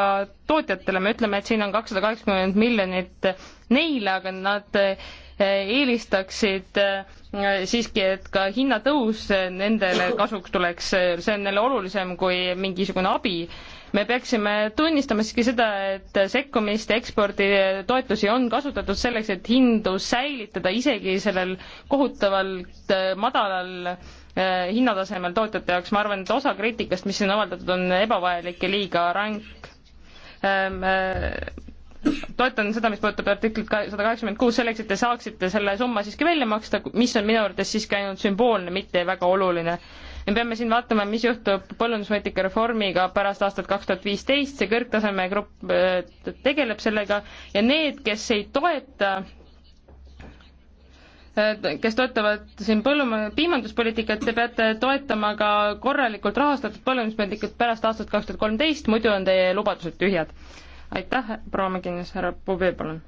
tootjatele, me ütleme, et siin on kakssada kaheksakümmend miljonit neile, aga nad eh, eelistaksid eh, siiski, et ka hinnatõus nendele kasuks tuleks, see on neile olulisem kui mingisugune abi. me peaksime tunnistama siiski seda, et sekkumist ja eksporditoetusi on kasutatud selleks, et hindu säilitada isegi sellel kohutavalt eh, madalal Äh, hinnatasemel tootjate jaoks, ma arvan, et osa kriitikast, mis siin avaldatud, on ebavajalik ja liiga ränk. Ähm, äh, toetan seda, mis puudutab artiklit sada kaheksakümmend kuus, selleks, et te saaksite selle summa siiski välja maksta, mis on minu arvates siiski ainult sümboolne, mitte väga oluline. me peame siin vaatama, mis juhtub põllundusmeetika reformiga pärast aastat kaks tuhat viisteist, see kõrgtaseme grupp äh, tegeleb sellega ja need, kes ei toeta Äh, kes toetavad siin põllum-, piimanduspoliitikat, te peate toetama ka korralikult rahastatud põllumajanduspoliitikat pärast aastat kaks tuhat kolmteist, muidu on teie lubadused tühjad. aitäh, proua Mäkinis, härra Bouvet, palun.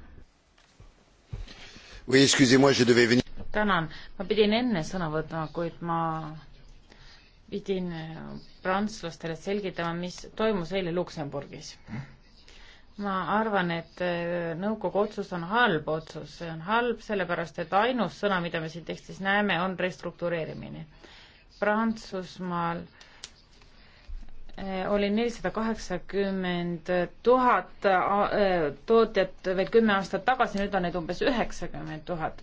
tänan, ma pidin enne sõna võtma, kuid ma pidin prantslastele selgitama, mis toimus eile Luksemburgis ma arvan, et äh, nõukogu otsus on halb otsus, see on halb sellepärast, et ainus sõna, mida me siin tekstis näeme, on restruktureerimine. Prantsusmaal äh, oli nelisada kaheksakümmend tuhat äh, tootjat veel kümme aastat tagasi, nüüd on neid umbes üheksakümmend tuhat.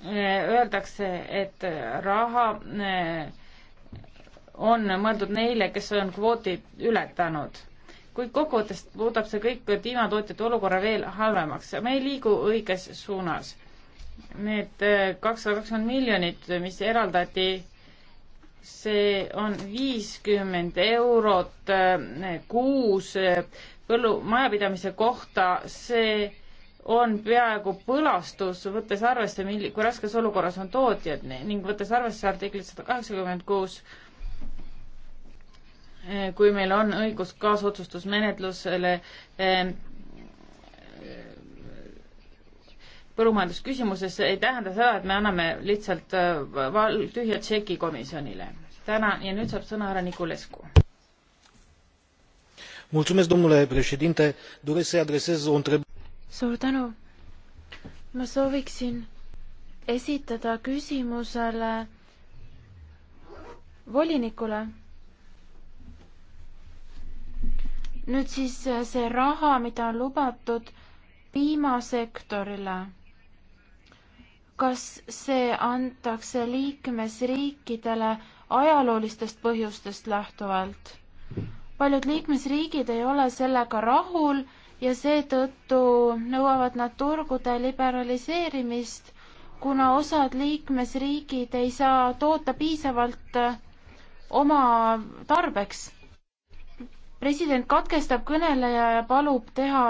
Öeldakse, et raha on mõeldud neile, kes on kvoodid ületanud kuid kokkuvõttes muudab see kõik piimatootjate olukorra veel halvemaks. me ei liigu õiges suunas. Need äh, kakssada kakskümmend miljonit, mis eraldati, see on viiskümmend eurot äh, kuus äh, põllu, majapidamise kohta, see on peaaegu põlastus, võttes arvesse, milli-, kui raskes olukorras on tootjad ning võttes arvesse artiklit sada kaheksakümmend kuus, Eh, kui meil on õigus kaasotsustusmenetlusele eh, eh, põllumajandusküsimuses, ei tähenda seda, et me anname lihtsalt val-, tühja tšeki komisjonile. tänan ja nüüd saab sõna härra Nikulescu. suur tänu. ma sooviksin esitada küsimusele volinikule nüüd siis äh, see raha, mida on lubatud piimasektorile. kas see antakse liikmesriikidele ajaloolistest põhjustest lähtuvalt? paljud liikmesriigid ei ole sellega rahul ja seetõttu nõuavad nad turgude liberaliseerimist, kuna osad liikmesriigid ei saa toota piisavalt äh, oma tarbeks president katkestab kõneleja ja palub teha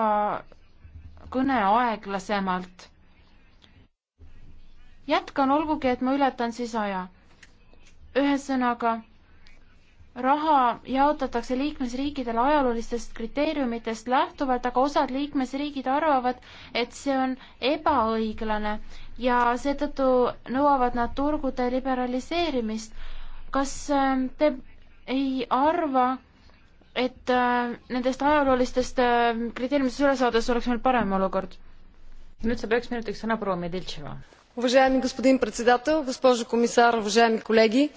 kõne aeglasemalt. jätkan, olgugi et ma ületan siis aja. ühesõnaga, raha jaotatakse liikmesriikidele ajaloolistest kriteeriumitest lähtuvalt, aga osad liikmesriigid arvavad, et see on ebaõiglane ja seetõttu nõuavad nad turgude liberaliseerimist. kas ähm, te ei arva, et äh, nendest ajaloolistest äh, kriteeriumidest üle saades oleks meil parem olukord. nüüd saab üheks minutiks sõna proua Mediltševa. Уважаеми господин председател, госпожо комисар, уважаеми колеги!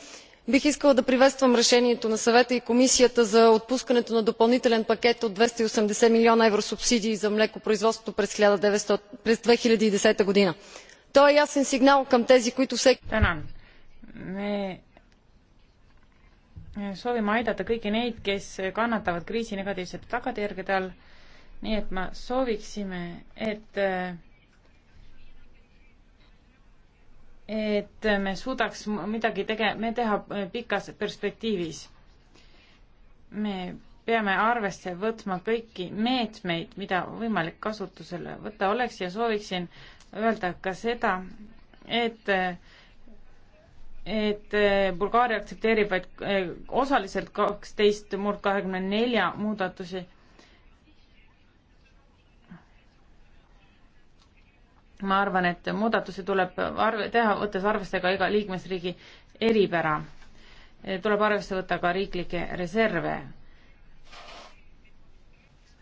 Бих искала да приветствам решението на съвета и комисията за отпускането на допълнителен пакет от 280 милиона евро субсидии за млекопроизводството през 1900, през 2010 година. То е ясен сигнал към тези, които всеки... Tänan. Me soovime aidata kõiki neid, kes kannatavad kriisi negatiivsete tagajärgede all, nii et ma sooviksime, et et me suudaks midagi tege-, me teha pikas perspektiivis. me peame arvesse võtma kõiki meetmeid, mida võimalik kasutusele võtta oleks ja sooviksin öelda ka seda, et äh, et eh, Bulgaaria aktsepteerib vaid eh, osaliselt kaksteist murd kahekümne nelja muudatusi. ma arvan, et muudatusi tuleb arve, teha, võttes arvesse ka iga liikmesriigi eripära. Eh, tuleb arvesse võtta ka riiklikke reserve.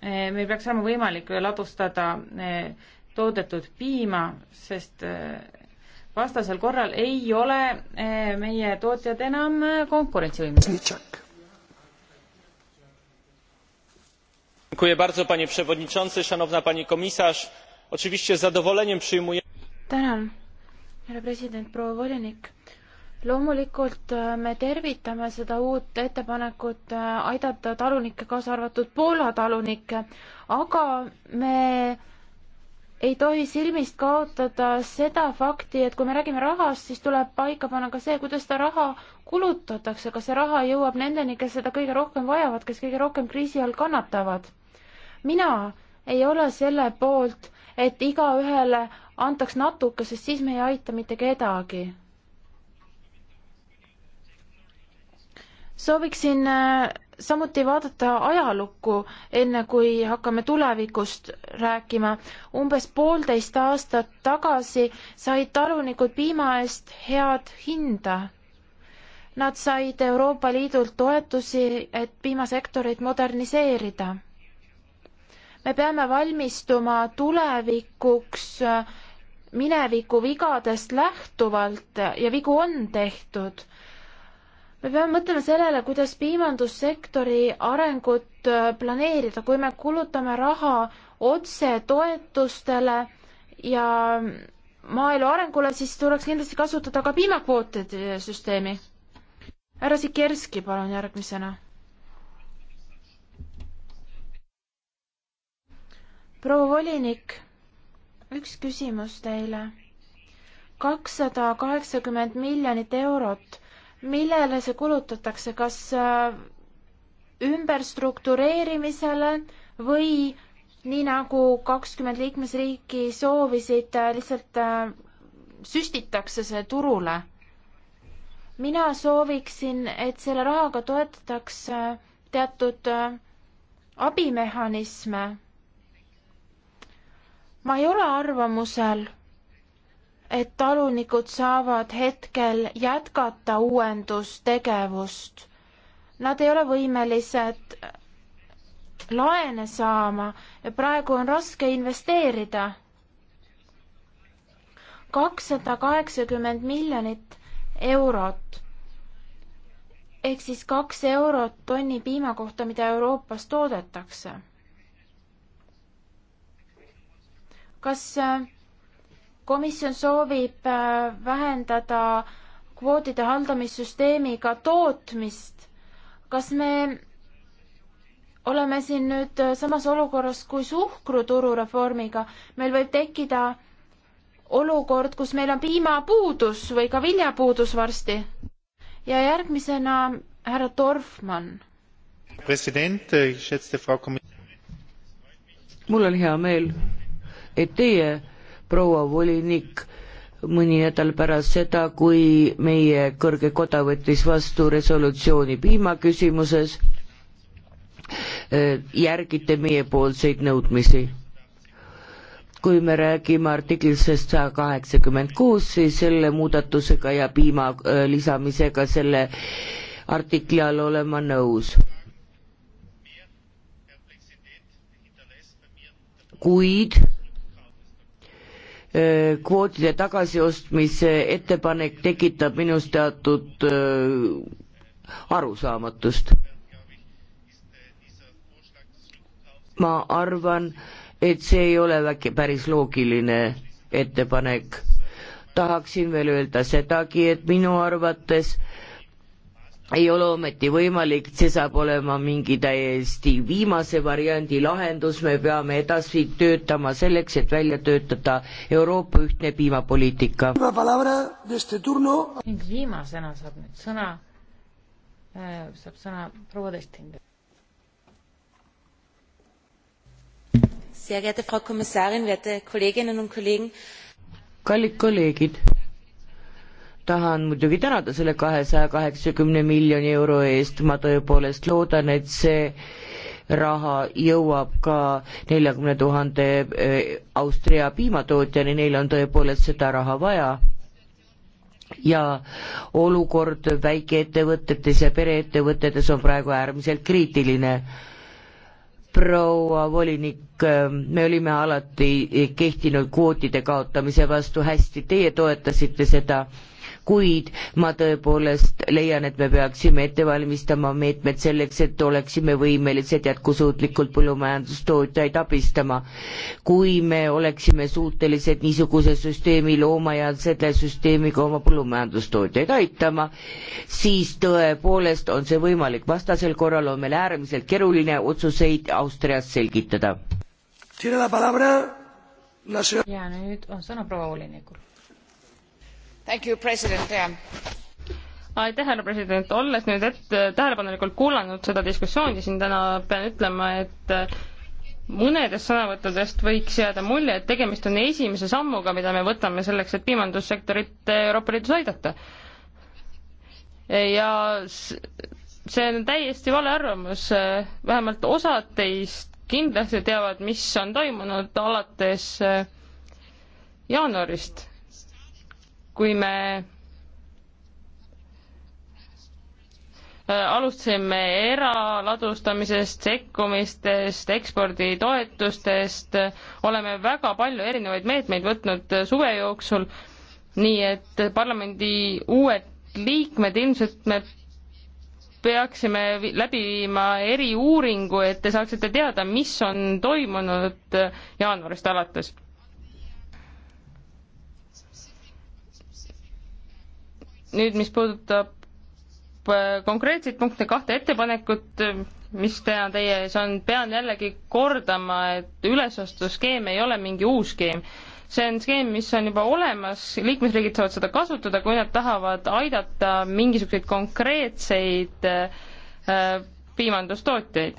meil peaks olema võimalik ladustada toodetud piima, sest vastasel korral ei ole eh, meie tootjad enam eh, konkurentsivõimelised. Dziękuję bardzo panie przewodniczący, szanowna pani komisarz. Oczywiście z zadowoleniem przyjmuję. Tänan, härra president, proua volinik. loomulikult eh, me tervitame seda uut ettepanekut aidata talunikke, kaasa arvatud Poola talunikke, aga me ei tohi silmist kaotada seda fakti, et kui me räägime rahast, siis tuleb paika panna ka see, kuidas seda raha kulutatakse, kas see raha jõuab nendeni, kes seda kõige rohkem vajavad, kes kõige rohkem kriisi all kannatavad. mina ei ole selle poolt, et igaühele antaks natuke, sest siis me ei aita mitte kedagi. sooviksin äh, samuti vaadata ajalukku, enne kui hakkame tulevikust rääkima. umbes poolteist aastat tagasi said talunikud piima eest head hinda. Nad said Euroopa Liidult toetusi, et piimasektorit moderniseerida. me peame valmistuma tulevikuks äh, mineviku vigadest lähtuvalt ja vigu on tehtud me peame mõtlema sellele, kuidas piimandussektori arengut äh, planeerida, kui me kulutame raha otsetoetustele ja maaelu arengule, siis tuleks kindlasti kasutada ka piimakvootide äh, süsteemi. härra Sikerski, palun järgmisena. proua volinik, üks küsimus teile. kakssada kaheksakümmend miljonit eurot millele see kulutatakse, kas äh, ümberstruktureerimisele või nii nagu kakskümmend liikmesriiki soovisid, äh, lihtsalt äh, süstitakse see turule. mina sooviksin, et selle rahaga toetataks teatud abimehhanisme. ma ei ole arvamusel et talunikud saavad hetkel jätkata uuendustegevust. Nad ei ole võimelised laene saama ja praegu on raske investeerida. kakssada kaheksakümmend miljonit eurot ehk siis kaks eurot tonni piima kohta, mida Euroopas toodetakse. kas äh, komisjon soovib äh, vähendada kvootide haldamissüsteemiga tootmist. kas me oleme siin nüüd äh, samas olukorras kui suhkruturu reformiga, meil võib tekkida olukord, kus meil on piimapuudus või ka viljapuudus varsti. ja järgmisena härra Dorfmann. president, äh, mul on hea meel, et teie proua volinik, mõni nädal pärast seda, kui meie kõrge koda võttis vastu resolutsiooni piimaküsimuses, eh, järgite meiepoolseid nõudmisi. kui me räägime artiklist sada kaheksakümmend kuus, siis selle muudatusega ja piima eh, lisamisega selle artikli all olema nõus. kuid kvootide tagasiostmise ettepanek tekitab minus teatud äh, arusaamatust. ma arvan, et see ei ole väike, päris loogiline ettepanek. tahaksin veel öelda sedagi, et minu arvates äh, ei ole ometi võimalik, see saab olema mingi täiesti viimase variandi lahendus, me peame edaspidi töötama selleks, et välja töötada Euroopa ühtne piimapoliitika. ning viimasena saab nüüd sõna, äh, saab sõna proua Testind. kallid kolleegid tahan muidugi tänada selle kahesaja kaheksakümne miljoni euro eest, ma tõepoolest loodan, et see raha jõuab ka neljakümne tuhande e, Austria piimatootjani, neil on tõepoolest seda raha vaja. ja olukord väikeettevõtetes ja pereettevõtetes on praegu äärmiselt kriitiline proua volinik, e, me olime alati kehtinud kvootide kaotamise vastu hästi, teie toetasite seda kuid ma tõepoolest leian, et me peaksime ette valmistama meetmed selleks, et oleksime võimelised jätkusuutlikult põllumajandustootjaid abistama. kui me oleksime suutelised niisuguse süsteemi looma ja selle süsteemiga oma põllumajandustootjaid aitama, siis tõepoolest on see võimalik, vastasel korral on meil äärmiselt keeruline otsuseid Austrias selgitada. ja nüüd on sõna proua volinikul aitäh, härra president, olles nüüd ette tähelepanelikult kuulanud seda diskussiooni siin täna, pean ütlema, et äh, mõnedest sõnavõttudest võiks jääda mulje, et tegemist on esimese sammuga, mida me võtame selleks, et piimandussektorit äh, Euroopa Liidus aidata. ja see on täiesti vale arvamus, äh, vähemalt osad teist kindlasti teavad, mis on toimunud alates jaanuarist kui me äh, alustasime eraladustamisest, sekkumistest, eksporditoetustest, oleme väga palju erinevaid meetmeid võtnud äh, suve jooksul, nii et parlamendi uued liikmed ilmselt me peaksime läbi viima eriuuringu, et te saaksite teada, mis on toimunud äh, jaanuarist alates nüüd, mis puudutab äh, konkreetseid punkte, kahte ettepanekut, äh, mis täna teie ees on, pean jällegi kordama, et ülesostusskeem ei ole mingi uus skeem. see on skeem, mis on juba olemas, liikmesriigid saavad seda kasutada, kui nad tahavad aidata mingisuguseid konkreetseid äh, piimandustootjaid.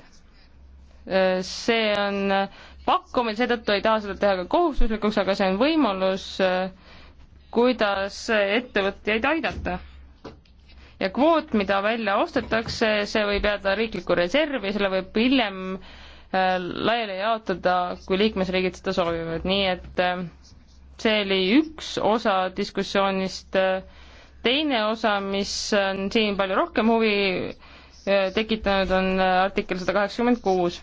see on pakkumine, seetõttu ei taha seda teha ka kohustuslikuks, aga see on võimalus äh, kuidas ettevõtjaid aidata. ja kvoot, mida välja ostetakse, see võib jääda riiklikku reservi, selle võib hiljem äh, laiali jaotada, kui liikmesriigid seda soovivad, nii et äh, see oli üks osa diskussioonist. teine osa, mis on siin palju rohkem huvi äh, tekitanud, on artikkel sada kaheksakümmend kuus.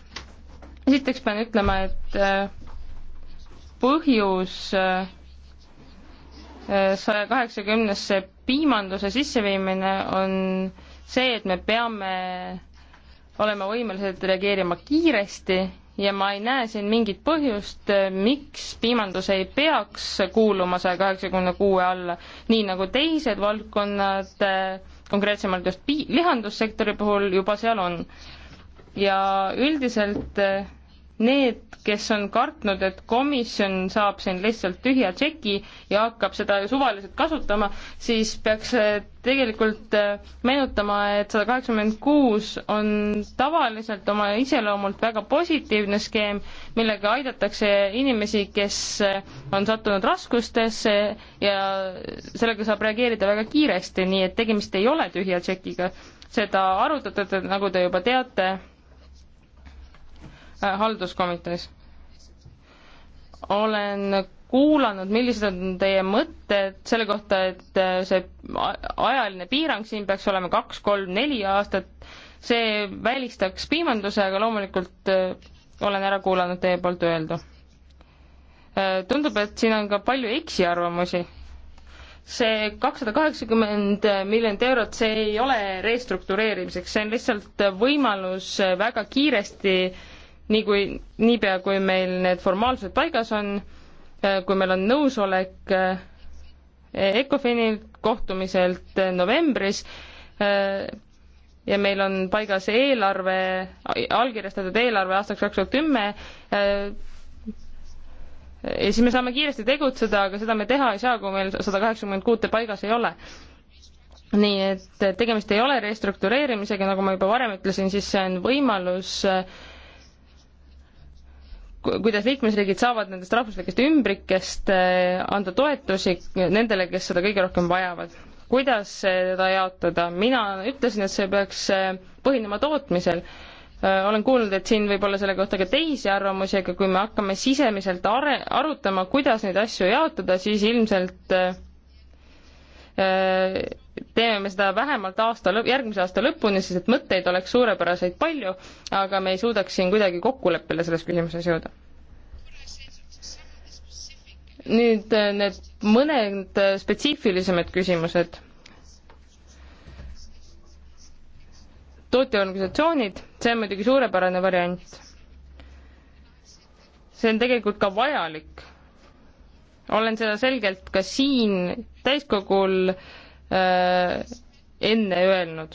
esiteks pean ütlema, et põhjus äh, saja kaheksakümnesse piimanduse sisseviimine on see, et me peame olema võimelised reageerima kiiresti ja ma ei näe siin mingit põhjust, miks piimandus ei peaks kuuluma saja kaheksakümne kuue alla, nii nagu teised valdkonnad, konkreetsemalt just pi-, lihandussektori puhul juba seal on. ja üldiselt need, kes on kartnud, et komisjon saab siin lihtsalt tühja tšeki ja hakkab seda suvaliselt kasutama, siis peaks äh, tegelikult äh, meenutama, et sada kaheksakümmend kuus on tavaliselt oma iseloomult väga positiivne skeem, millega aidatakse inimesi, kes äh, on sattunud raskustesse ja sellega saab reageerida väga kiiresti, nii et tegemist ei ole tühja tšekiga. seda arutatud, nagu te juba teate Äh, halduskomitees. olen kuulanud, millised on teie mõtted selle kohta, et äh, see ajaline piirang siin peaks olema kaks, kolm, neli aastat, see välistaks piimanduse, aga loomulikult äh, olen ära kuulanud teie poolt öeldu. tundub, et siin on ka palju eksiarvamusi. see kakssada kaheksakümmend miljonit eurot, see ei ole restruktureerimiseks, see on lihtsalt võimalus väga kiiresti äh, nii kui, niipea kui meil need formaalsused paigas on, äh, kui meil on nõusolek äh, ECOFIN-i kohtumiselt äh, novembris ja meil on paigas eelarve, allkirjastatud eelarve aastaks kaks tuhat kümme, ja siis me saame kiiresti tegutseda, aga seda me teha ei saa, kui meil sada kaheksakümmend kuute paigas ei ole nii et tegemist ei ole restruktureerimisega, nagu ma juba varem ütlesin, siis see on võimalus äh, kuidas liikmesriigid saavad nendest rahvuslikest ümbrikest eh, anda toetusi nendele, kes seda kõige rohkem vajavad. kuidas seda jaotada? mina ütlesin, et see peaks eh, põhinema tootmisel. Eh, olen kuulnud, et siin võib olla selle kohta ka teisi arvamusi, aga kui me hakkame sisemiselt are-, arutama, kuidas neid asju jaotada, siis ilmselt äh, teeme me seda vähemalt aasta lõpp, järgmise aasta lõpuni, sest et mõtteid oleks suurepäraseid palju, aga me ei suudaks siin kuidagi kokkuleppele selles küsimuses jõuda. nüüd äh, need mõned äh, spetsiifilisemad küsimused. tootjaorganisatsioonid, see on muidugi suurepärane variant. see on tegelikult ka vajalik. olen seda selgelt ka siin täiskogul äh, Äh, enne öelnud.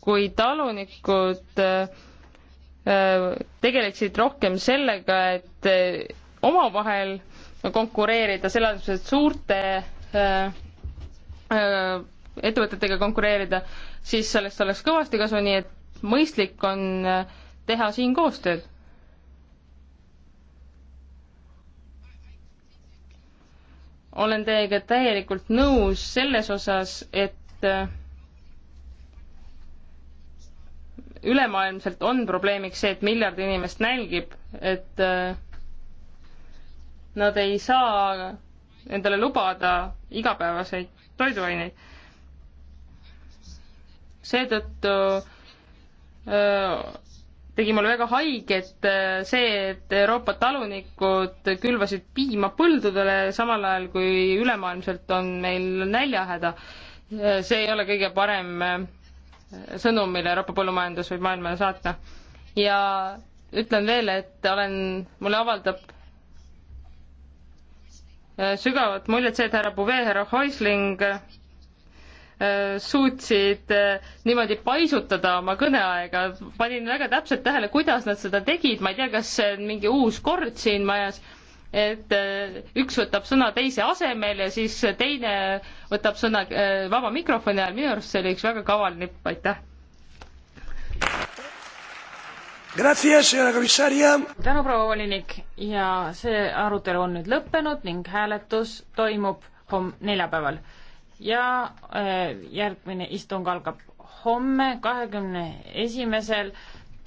kui talunikud äh, tegeleksid rohkem sellega, et äh, omavahel konkureerida, selle asemel, et suurte ettevõtetega konkureerida, siis sellest oleks kõvasti kasu, nii et mõistlik on teha siin koostööd olen teiega täielikult nõus selles osas, et äh, ülemaailmselt on probleemiks see, et miljard inimest nälgib, et äh, nad ei saa endale lubada igapäevaseid toiduaineid. seetõttu äh, tegi mulle väga haiget äh, see, et Euroopa talunikud külvasid piima põldudele, samal ajal kui ülemaailmselt on meil näljahäda. Äh, see ei ole kõige parem äh, sõnum, mille Euroopa põllumajandus võib maailmale saata. ja ütlen veel, et olen, mulle avaldab sügavat muljet see, et härra Bouvet, härra Häusling Äh, suutsid äh, niimoodi paisutada oma kõneaega, panin väga täpselt tähele, kuidas nad seda tegid, ma ei tea, kas see on mingi uus kord siin majas, et äh, üks võtab sõna teise asemel ja siis teine võtab sõna vaba mikrofoni ajal, minu arust see oli üks väga kaval nipp, aitäh! tänu, proua volinik ja see arutelu on nüüd lõppenud ning hääletus toimub homme neljapäeval ja äh, järgmine istung algab homme, kahekümne esimesel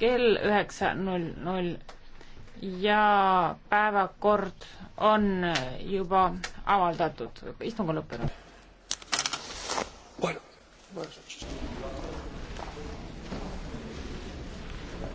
kell üheksa null null ja päevakord on juba avaldatud, istung on lõppenud. Bueno, buenas noches.